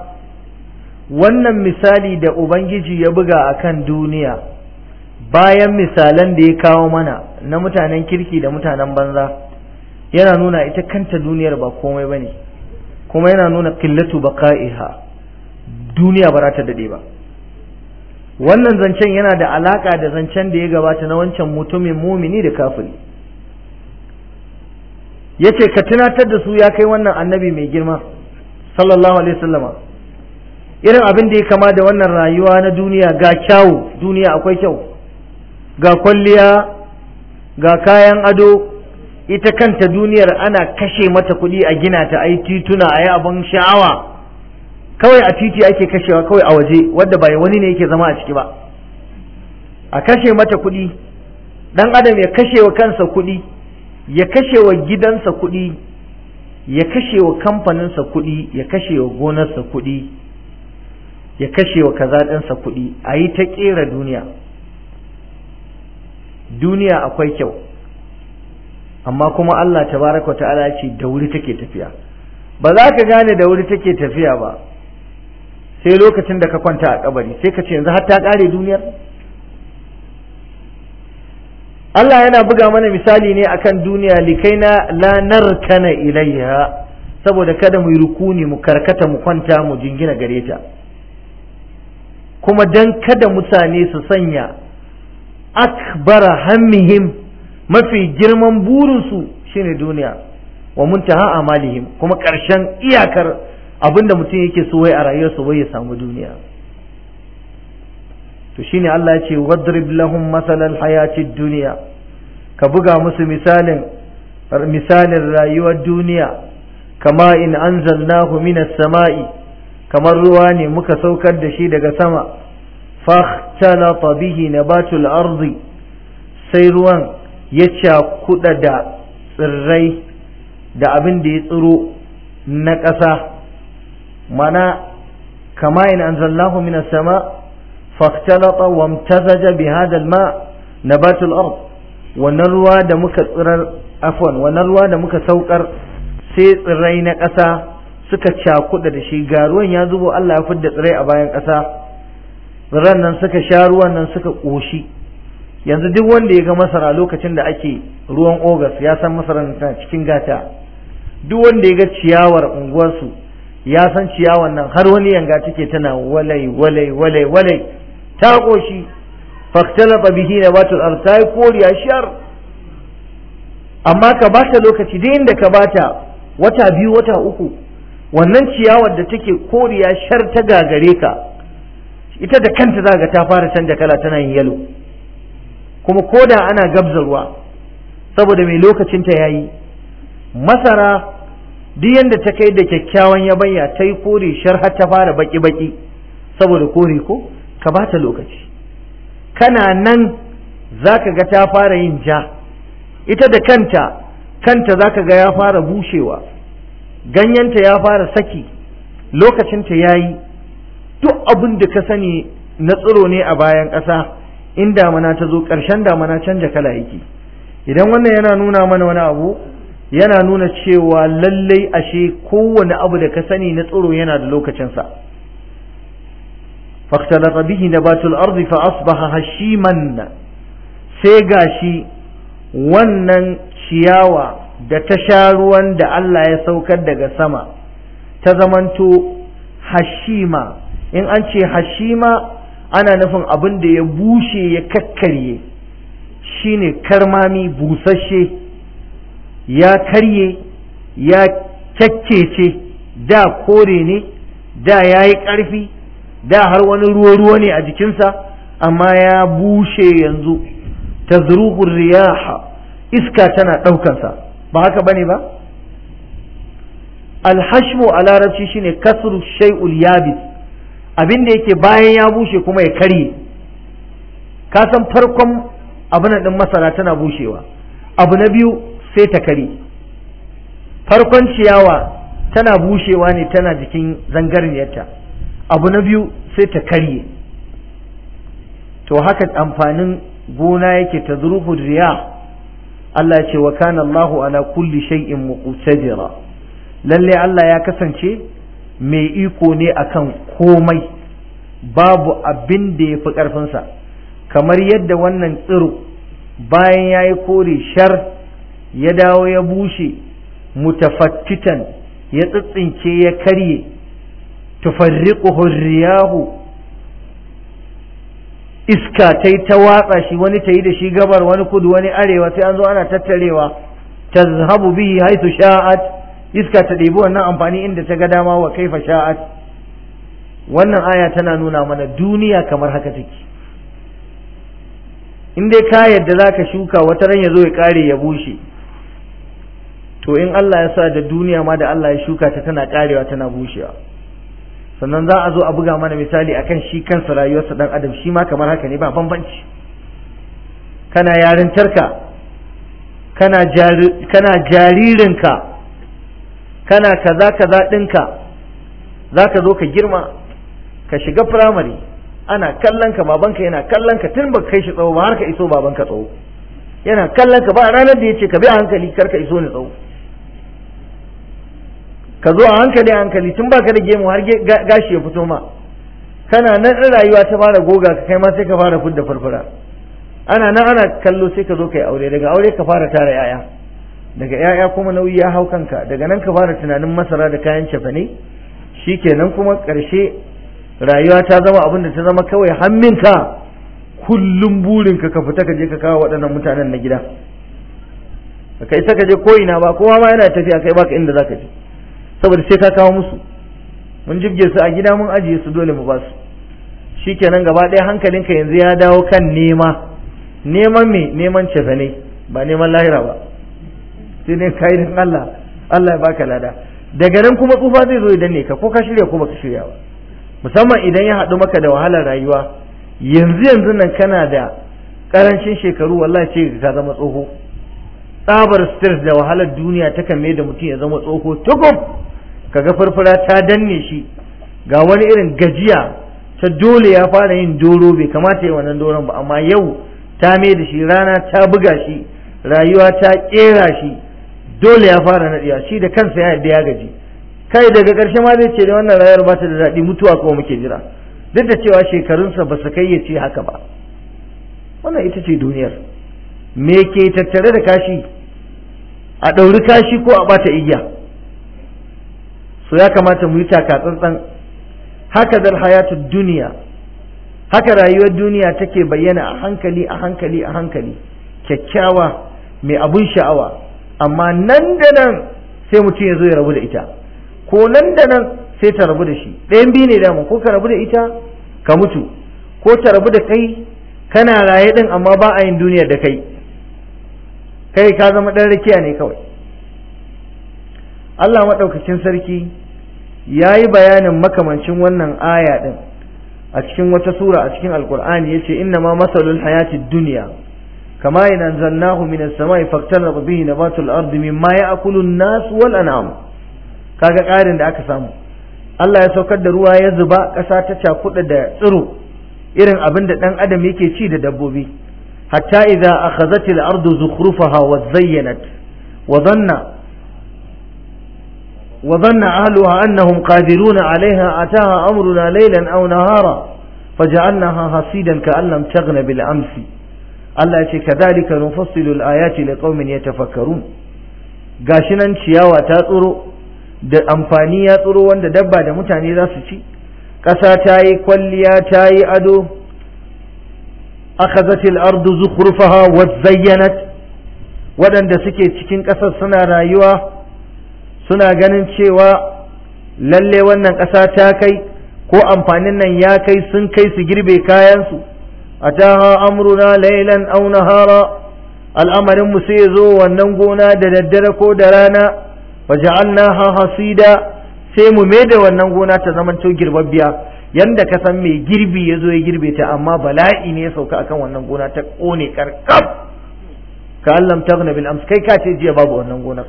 S1: wannan misali da ubangiji ya buga akan duniya bayan misalan da ya kawo mana na mutanen kirki da mutanen banza yana nuna ita kanta duniyar ba komai bane kuma yana nuna qillatu baqa'iha duniya ba za ta dade ba wannan zancen yana da alaka da zancen da ya gabata na wancan mutumin mumini da kafiri yace ka tunatar da su ya kai wannan annabi mai girma sallallahu alaihi wasallama irin abin da ya kama da wannan rayuwa na duniya ga kyawu duniya akwai kyau ga kwalliya ga kayan ado ita kanta duniyar ana kashe mata kuɗi a gina ta ai tituna ai abin sha'awa kawai a titi ake kashewa kawai a waje wadda ba wani ne yake zama a ciki ba a kashe mata kuɗi ɗan adam ya kashe wa kansa kuɗi ya kashe wa gidansa kuɗi ya kashe wa kamfaninsa kuɗi ya kashe wa gonarsa kuɗi ya kashe wa kazaɗinsa kuɗi a yi ta ƙera duniya duniya akwai kyau amma kuma Allah tabaraka ta'ala ce da wuri take tafiya ba za ka gane da wuri take tafiya ba sai lokacin da ka kwanta a kabari sai ka ce yanzu har ta ƙare duniyar Allah yana buga mana misali ne akan duniya likaina la narkana ilayha saboda kada mu yi rukuni mu karkata mu kwanta mu jingina gare ta kuma dan kada mutane su sanya akbara hammihim mafi girman burinsu shine duniya wa muntaha amalihim kuma karshen iyakar abinda mutum yake so wai a rayuwarsa wai ya samu duniya to shine Allah ya ce wadrib lahum masalan hayatid duniya, ka buga musu misalin misalin rayuwar duniya kama in anzalnahu minas sama'i kamar ruwa ne muka saukar da shi daga sama fahtalata bihi nabatul ardi sai ruwan ya cakuda da tsirrai da abin da ya tsiro na ƙasa mana kama in anzalnahu minas sama'i. فاختلط وامتزج بهذا da muka tsirar afwan, دمك عفوا da muka سوكر sai tsirrai na ƙasa suka cakuɗa da shi ga ruwan ya zubo Allah ya fidda tsirrai a bayan ƙasa tsirran nan suka sha ruwan nan suka ƙoshi yanzu duk wanda ya ga masara lokacin da ake ruwan ogas ya san masarar ta cikin gata duk wanda ya ga ciyawar unguwarsu ya san ciyawar nan har wani yanga take tana walai walai walai walai ta ƙoshi faktalaba bihi na batul ard ko shar amma ka bata lokaci duk inda ka bata wata biyu wata uku wannan ciyawar da take koriya shar ta gagare ka ita da kanta za ga ta fara canja kala tana yin yalo kuma koda ana gabza saboda mai lokacinta ya yi masara duk yadda ta kai da kyakkyawan yabanya ta yi kore shar har ta fara baki-baki saboda kore ko ka ba ta lokaci kana nan za ka ga ta fara yin ja ita da kanta kanta za ka ga ya fara bushewa ganyenta ya fara saki lokacinta ya yi duk abin da ka sani na tsiro ne a bayan ƙasa in damana ta zo ƙarshen damana canja kala yake idan wannan yana nuna mana wani abu yana nuna cewa lallai ashe kowane abu da ka sani na tsiro yana da lokacinsa فاختلط به نبات الأرض فأصبح هشيما سيغاشي wannan ciyawa da ta sha ruwan da Allah ya saukar daga sama ta zamanto hashima in an ce hashima ana nufin abin da ya bushe ya kakkarye shine karmami busasshe ya karye ya kyakkece da kore ne da ya yi ƙarfi da har wani ruwa-ruwa ne a jikinsa amma ya bushe yanzu ta riyaha iska tana ɗaukansa ba haka bane ba alhashmu a larabci shine kasru shay'ul yabis abin da yake bayan ya bushe kuma ya karye ka san farkon abin din masara tana bushewa abu na biyu sai ta karye farkon ciyawa tana bushewa ne tana jikin zangarniyarta abu na biyu sai ta karye to haka amfanin gona yake ta zurufu riya Allah ce wa kana Allahu ala kulli shay'in muqtadira lalle Allah ya kasance mai iko ne akan komai babu abin da ya fi ƙarfinsa kamar yadda wannan tsiro bayan ya yi kore shar ya dawo ya bushe mutafattitan ya tsitsinke ya karye tufarriquhu riyahu iska ta ta watsa shi wani ta yi da shi gabar wani kudu wani arewa sai an zo ana tattarewa tazhabu bihi haisu sha'at iska ta ɗebi wannan amfani inda ta ga dama wa kaifa sha'at wannan aya tana nuna mana duniya kamar haka take in dai ka yadda za ka shuka wata ran ya zo ya ƙare ya bushe to in Allah ya sa da duniya ma da Allah ya shuka ta tana karewa tana bushewa sannan za a zo a buga mana misali a kan shi kansa rayuwarsa dan adam shi ma kamar haka ne ba bambanci kana yarintarka kana jaririnka kana kaza kaza ɗinka za ka zo ka girma ka shiga firamare ana kallon ka babanka yana kallon ka tun ba kai shi tsawo ba har ka iso babanka tsawo yana kallon ka ba ranar da ya ce ka bi a hankali kar ka iso ni tsawo ka zo a hankali hankali tun baka da gemu har gashi ya fito ma kana nan rayuwa ta fara goga ka kai ma sai ka fara fudda farfara ana nan ana kallo sai ka zo kai aure daga aure ka fara tara yaya daga yaya kuma nauyi ya hau kanka daga nan ka fara tunanin masara da kayan cefane shikenan kuma karshe rayuwa ta zama abin da ta zama kawai hamminka kullum burinka ka fita ka je ka kawo waɗannan mutanen na gida ka isa ka je ko ina ba kowa ma yana tafiya kai baka inda za ka je saboda sai ka kawo musu mun jibge su a gida mun ajiye su dole mu ba su shikenan gaba ɗaya hankalinka yanzu ya dawo kan nema neman me neman cefane ba neman lahira ba sai ne kai Allah Allah ya baka lada daga nan kuma tsufa zai zo idan ne ka ko ka shirya ko baka shirya ba musamman idan ya haɗu maka da wahalar rayuwa yanzu yanzu nan kana da ƙarancin shekaru wallahi ce ka zama tsoho tsabar stress da wahalar duniya ta kame da mutum ya zama tsoko tukub kaga farfara ta danne shi ga wani irin gajiya ta dole ya fara yin doro bai kamata yi wannan doron ba amma yau ta mai da shi rana ta buga shi rayuwa ta kera shi dole ya fara nadiya shi da kansa ya yarda ya gaji kai daga ƙarshe ma zai ce da wannan rayuwar ba ta da daɗi mutuwa kuma muke jira duk da cewa shekarunsa ba su kai ya ce haka ba wannan ita ce duniyar me ke tattare da kashi a ɗauri kashi ko a bata igiya so ya kamata mu yi taka tsantsan haka zal hayatud duniya haka rayuwar duniya take bayyana a hankali a hankali a hankali kyakkyawa mai abun sha'awa amma nan da nan sai mutum ya zo ya rabu da ita ko nan da nan sai ta rabu da shi ɗayan biyu ne dama ko ka rabu da ita ka mutu ko ta rabu da kai kana raye ɗin amma ba a yin duniya da kai kai ka zama ɗan rakiya ne kawai Allah maɗaukakin sarki ya yi bayanin makamancin wannan aya ɗin a cikin wata sura a cikin alkur'ani ya ce inna ma masalul hayati duniya kama in anzalnahu min as faktar faktarna bihi nabatu al-ard ma ya an nasu wal an'am kaga ƙarin da aka samu Allah ya saukar da ruwa ya zuba ƙasa ta cakuɗa da tsiro irin abin da ɗan adam yake ci da dabbobi hatta idza akhadhat al-ardu zukhrufaha wa zayyanat wa dhanna وظن أهلها أنهم قادرون عليها أتاها أمرنا ليلا أو نهارا فجعلناها حصيدا كأن لم تغن بالأمس Allah ya ce kadhalika nufassilu al-ayati liqaumin yatafakkarun gashi nan ciyawa ta tsoro da amfani ya tsoro wanda dabba da mutane za su ci ƙasa ta yi kwalliya ta yi ado akhazatil ardu zukhrufaha wa zayyanat waɗanda suke cikin ƙasar suna rayuwa suna ganin cewa lalle wannan ƙasa ta kai ko amfanin nan ya kai sun kai su girbe kayansu a ha amruna lailan Auna, Hara al'amarinmu mu sai zo wannan gona da daddare ko da rana waja'alnaha hasida sai mu mai wannan gona ta zamanto girbabbiya yanda ka san mai girbi ya zo ya girbe ta amma bala'i ne ya sauka akan wannan gona ta kone karkab ka allam taghna bil ams kai ka ce jiya babu wannan gonar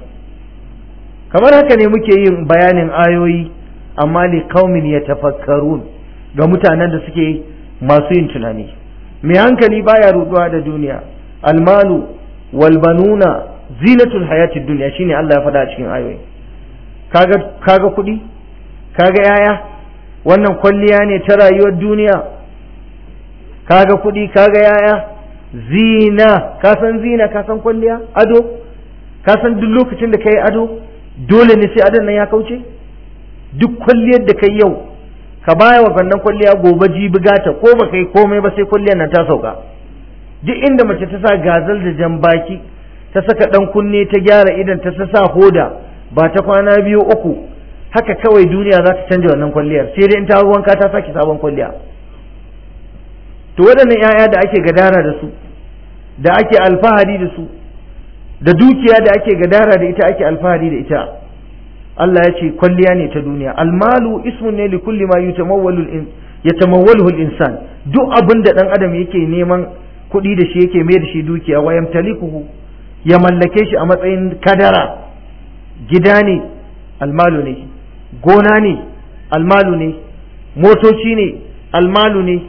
S1: kamar haka ne muke yin bayanin ayoyi amma li qaumin yatafakkarun ga mutanen da suke masu yin tunani mai hankali baya ruduwa da duniya almalu wal banuna zinatul hayatid duniya shine Allah ya faɗa cikin ayoyi kaga kaga kuɗi kaga yaya wannan kwalliya ne ta rayuwar duniya kaga kuɗi kaga yaya zina ka san zina ka san kwalliya ado ka san duk lokacin da ka yi ado dole ne sai adon nan ya kauce duk kwalliyar da kai yau ka baya wa wannan kwalliya gobe jibi gata ko ba kai komai ba sai kwalliyar nan ta sauka duk inda mace ta sa gazal da jan baki ta saka dan kunne ta gyara idan ta sa hoda ba ta kwana biyu uku haka kawai duniya za ta canja wannan kwalliyar sai dai in ta wanka ta sake sabon kwalliya to waɗannan 'ya'ya da ake gadara da su da ake alfahari da su da dukiya da ake gadara da ita ake alfahari da ita Allah ya ce kwalliya ne ta duniya almalu ismun ne li kulli ma yatamawwaluhu al-insan duk abin da dan adam yake neman kuɗi da shi yake mai da shi dukiya wa yamtalikuhu ya mallake shi a matsayin kadara gida ne almalu ne gona ne almalu ne motoci ne almalu ne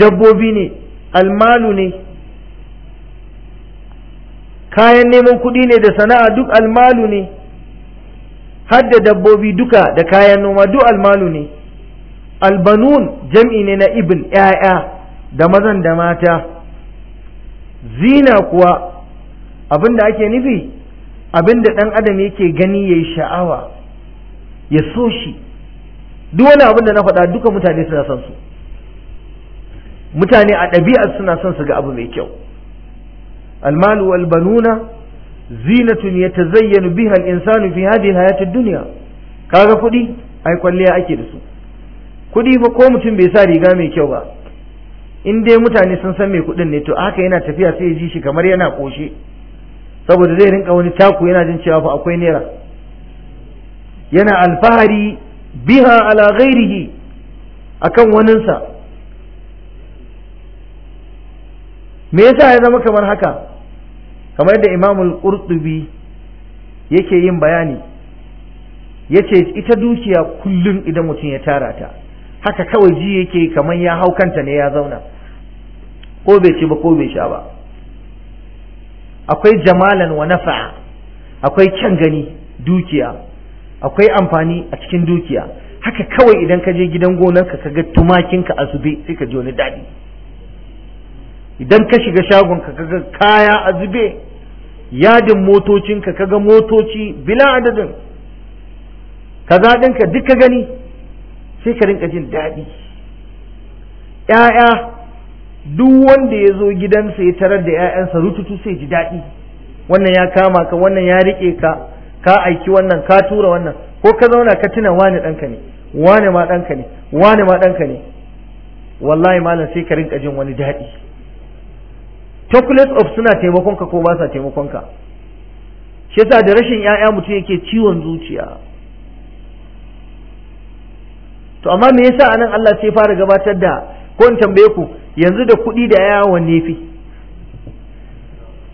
S1: dabbobi ne almalu ne kayan neman kuɗi ne da sana'a duk almalu ne har da dabbobi duka da kayan noma duk almalu ne albanun jam'i ne na ibin ‘ya'ya da mazan da mata zina kuwa abin da ake nufi abin da ɗan adam yake gani yayi sha'awa ya so shi duk wani abin da na faɗa duka mutane suna son su mutane a ɗabi'ar suna son su ga abu mai kyau almalu wal banuna zinatun yatazayyanu biha al-insanu fi hadhihi hayatid dunya kaga kuɗi ai kwalliya ake da su kuɗi ba ko mutum bai sa riga mai kyau ba in dai mutane sun san mai kuɗin ne to haka yana tafiya sai ya ji shi kamar yana koshe saboda zai rinka wani taku yana jin cewa fa akwai naira yana alfahari biha ala ghairihi akan waninsa me yasa ya zama kamar haka kamar yadda imamul qurtubi yake yin bayani yace ita dukiya kullum idan mutum ya tara ta haka kawai ji yake kamar ya hau kanta ne ya zauna ko bai ci ba ko bai sha ba akwai jamalan wa nafa akwai kyan gani dukiya akwai amfani a cikin dukiya haka kawai idan ka je gidan gonarka ka ga tumakinka a zube sai ka ji wani daɗi idan ka shiga shagon ka ga kaya a zube yadin motocinka ka ga motoci bila adadin ka duk ka gani sai ka rinka jin daɗi ‘ya'ya duk wanda ya zo gidansa ya tarar da ‘ya'yansa rututu sai ji daɗi wannan ya kama ka wannan ya rike ka ka aiki wannan ka tura wannan ko ka zauna ka tuna wani ɗanka ne wani ma ɗanka ne wani ma ɗanka ne wallahi malam sai ka rinka jin wani daɗi chocolate of suna taimakon ka ko ba sa taimakon ka shi yasa da rashin 'ya'ya mutum yake ciwon zuciya to amma me yasa anan Allah sai fara gabatar da ko in tambaye ku yanzu da kuɗi da ƴaƴa wanne fi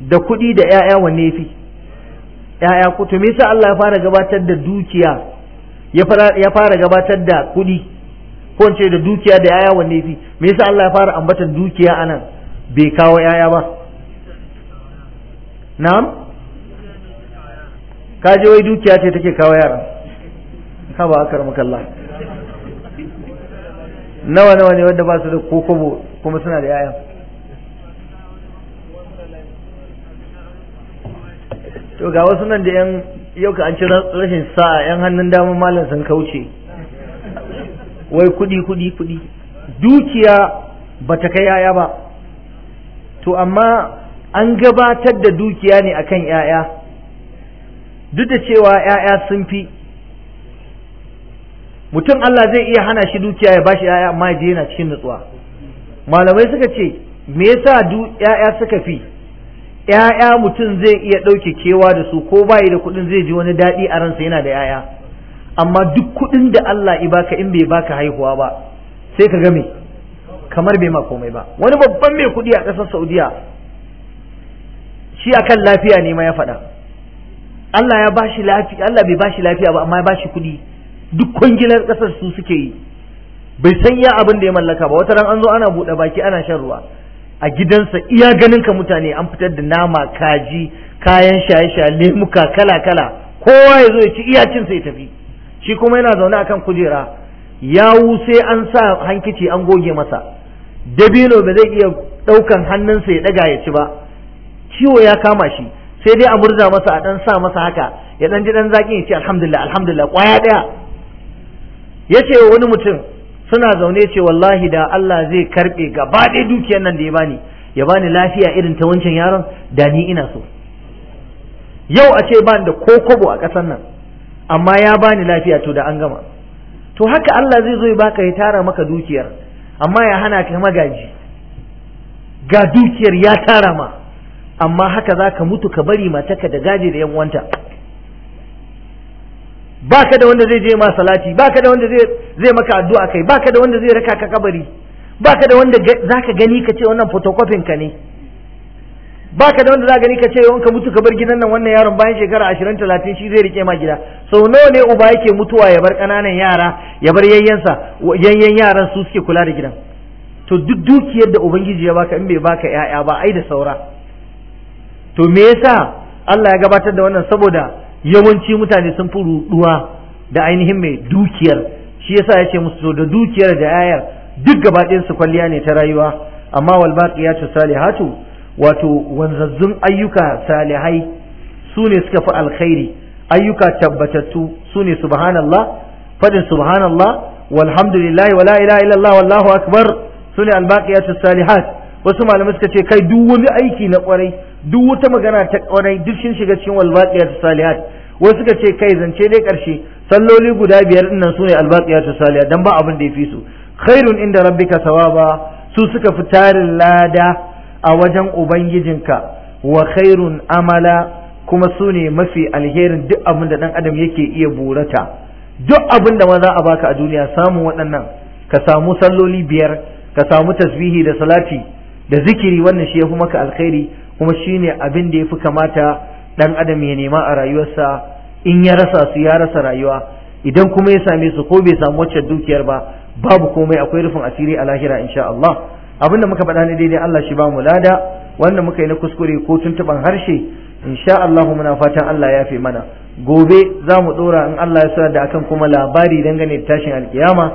S1: da kuɗi da ƴaƴa wanne fi ya'ya ku to me yasa Allah ya fara gabatar da dukiya ya fara gabatar da kuɗi ko ce da dukiya da ya'ya wanne yafi me yasa Allah ya fara ambatan dukiya anan bai kawo ya'ya ba na'am ka je wai dukiya ce take kawo yara ka ba akar makalla nawa nawa ne wanda ba su da kokobo kuma suna da ya'ya to ga wasu nan da yan yau ka an ci rashin sa'a yan hannun damar malam sun kauce wai kudi kudi kudi dukiya ba ta kai yaya ba to amma an gabatar da dukiya ne akan yaya duk da cewa yaya sun fi mutum Allah zai iya hana shi dukiya ya bashi yaya amma ya je yana cikin nutsuwa malamai suka ce me yasa du yaya suka fi 'ya'ya mutum zai iya ɗauke kewa da su ko bayi da kuɗin zai ji wani daɗi a ransa yana da 'ya'ya amma duk kuɗin da Allah i baka in bai baka haihuwa ba sai ka game kamar bai ma komai ba wani babban mai kuɗi a ƙasar Saudiya shi akan lafiya ne ma ya faɗa Allah ya bashi lafiya Allah bai bashi lafiya ba amma ya bashi kuɗi duk kungilar ƙasar su suke yi bai san ya abin da ya mallaka ba wata ran an zo ana buɗe baki ana shan ruwa a gidansa iya ganin ka mutane an fitar da nama kaji kayan shaye-shaye lemuka kala-kala kowa ya zo ya ci iya cin sai tafi shi kuma yana zaune akan kujera yawu sai an sa hankici an goge masa dabino ba zai iya ɗaukan hannunsa ya daga ya ci ba ciwo ya kama shi sai dai a murza masa a ɗan sa masa haka ya ɗan ji ɗan zaƙin ya ce alhamdulillah alhamdulillah Kwaya ɗaya yace wani mutum suna zaune ce wallahi da Allah zai karbe gaba ɗaya dukiyar nan da ya bani ya bani lafiya irin ta wancan yaron da ni ina so yau a ce bani da ko kobo a ƙasar nan amma ya bani lafiya to da an gama to haka Allah zai zo ya baka ya tara maka dukiyar amma ya hana ka magaji ga dukiyar ya tara ma amma haka za ka mutu ka bari matarka da gaji da yan wanta baka da wanda zai je ma salati baka da wanda zai zai maka addu'a kai baka da wanda zai raka ka kabari baka da wanda zaka gani ka ce wannan photocopying ka ne baka da wanda za gani ka ce yawan ka mutu ka bar gidan nan wannan yaron bayan shekara ashirin talatin shi zai rike ma gida sau nawa ne uba yake mutuwa ya bar ƙananan yara ya bar yayyansa yayyan yaran su suke kula da gidan to duk dukiyar da ubangiji ya baka in bai baka yaya ba ai da saura to me yasa Allah ya gabatar da wannan saboda yawanci mutane sun fi ruɗuwa da ainihin mai dukiyar shi yasa ya ce musu da dukiyar da ayar duk gaba su kwalliya ne ta rayuwa amma wal baqiyatu salihatu wato wanzazzun ayyuka salihai su suka fi alkhairi ayyuka tabbatattu su ne subhanallah fadin subhanallah walhamdulillahi wala ilaha illallah wallahu akbar su ne albaqiyatu salihat wasu malamai suka ce kai duk wani aiki na kwarai duk wata magana ta kwarai duk shin shiga cikin walbaqiyatu salihat wasu suka ce kai zance dai karshe salloli guda biyar dinnan sune albaqiyatu salihat dan ba abin da yafi su khairun inda rabbika sawaba su suka fi tarin lada a wajen ubangijinka wa khairun amala kuma sune mafi alherin duk abin da dan adam yake iya burata duk abin da maza a baka a duniya samun waɗannan ka samu salloli biyar ka samu tasbihi da salati da zikiri wannan shi ya fi maka alkhairi kuma shi ne abin da ya fi kamata ɗan adam ya nema a rayuwarsa in ya rasa su ya rasa rayuwa idan kuma ya same su ko bai samu wacce dukiyar ba babu komai akwai rufin asiri a lahira insha Allah da muka faɗa ne daidai Allah shi ba mu lada wanda muka yi na kuskure ko tuntuban harshe insha Allah muna fatan Allah ya fi mana gobe za mu ɗora in Allah ya sa da akan kuma labari dangane da tashin alkiyama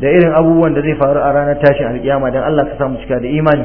S1: da irin abubuwan da zai faru a ranar tashin alkiyama don Allah ka samu cika da imani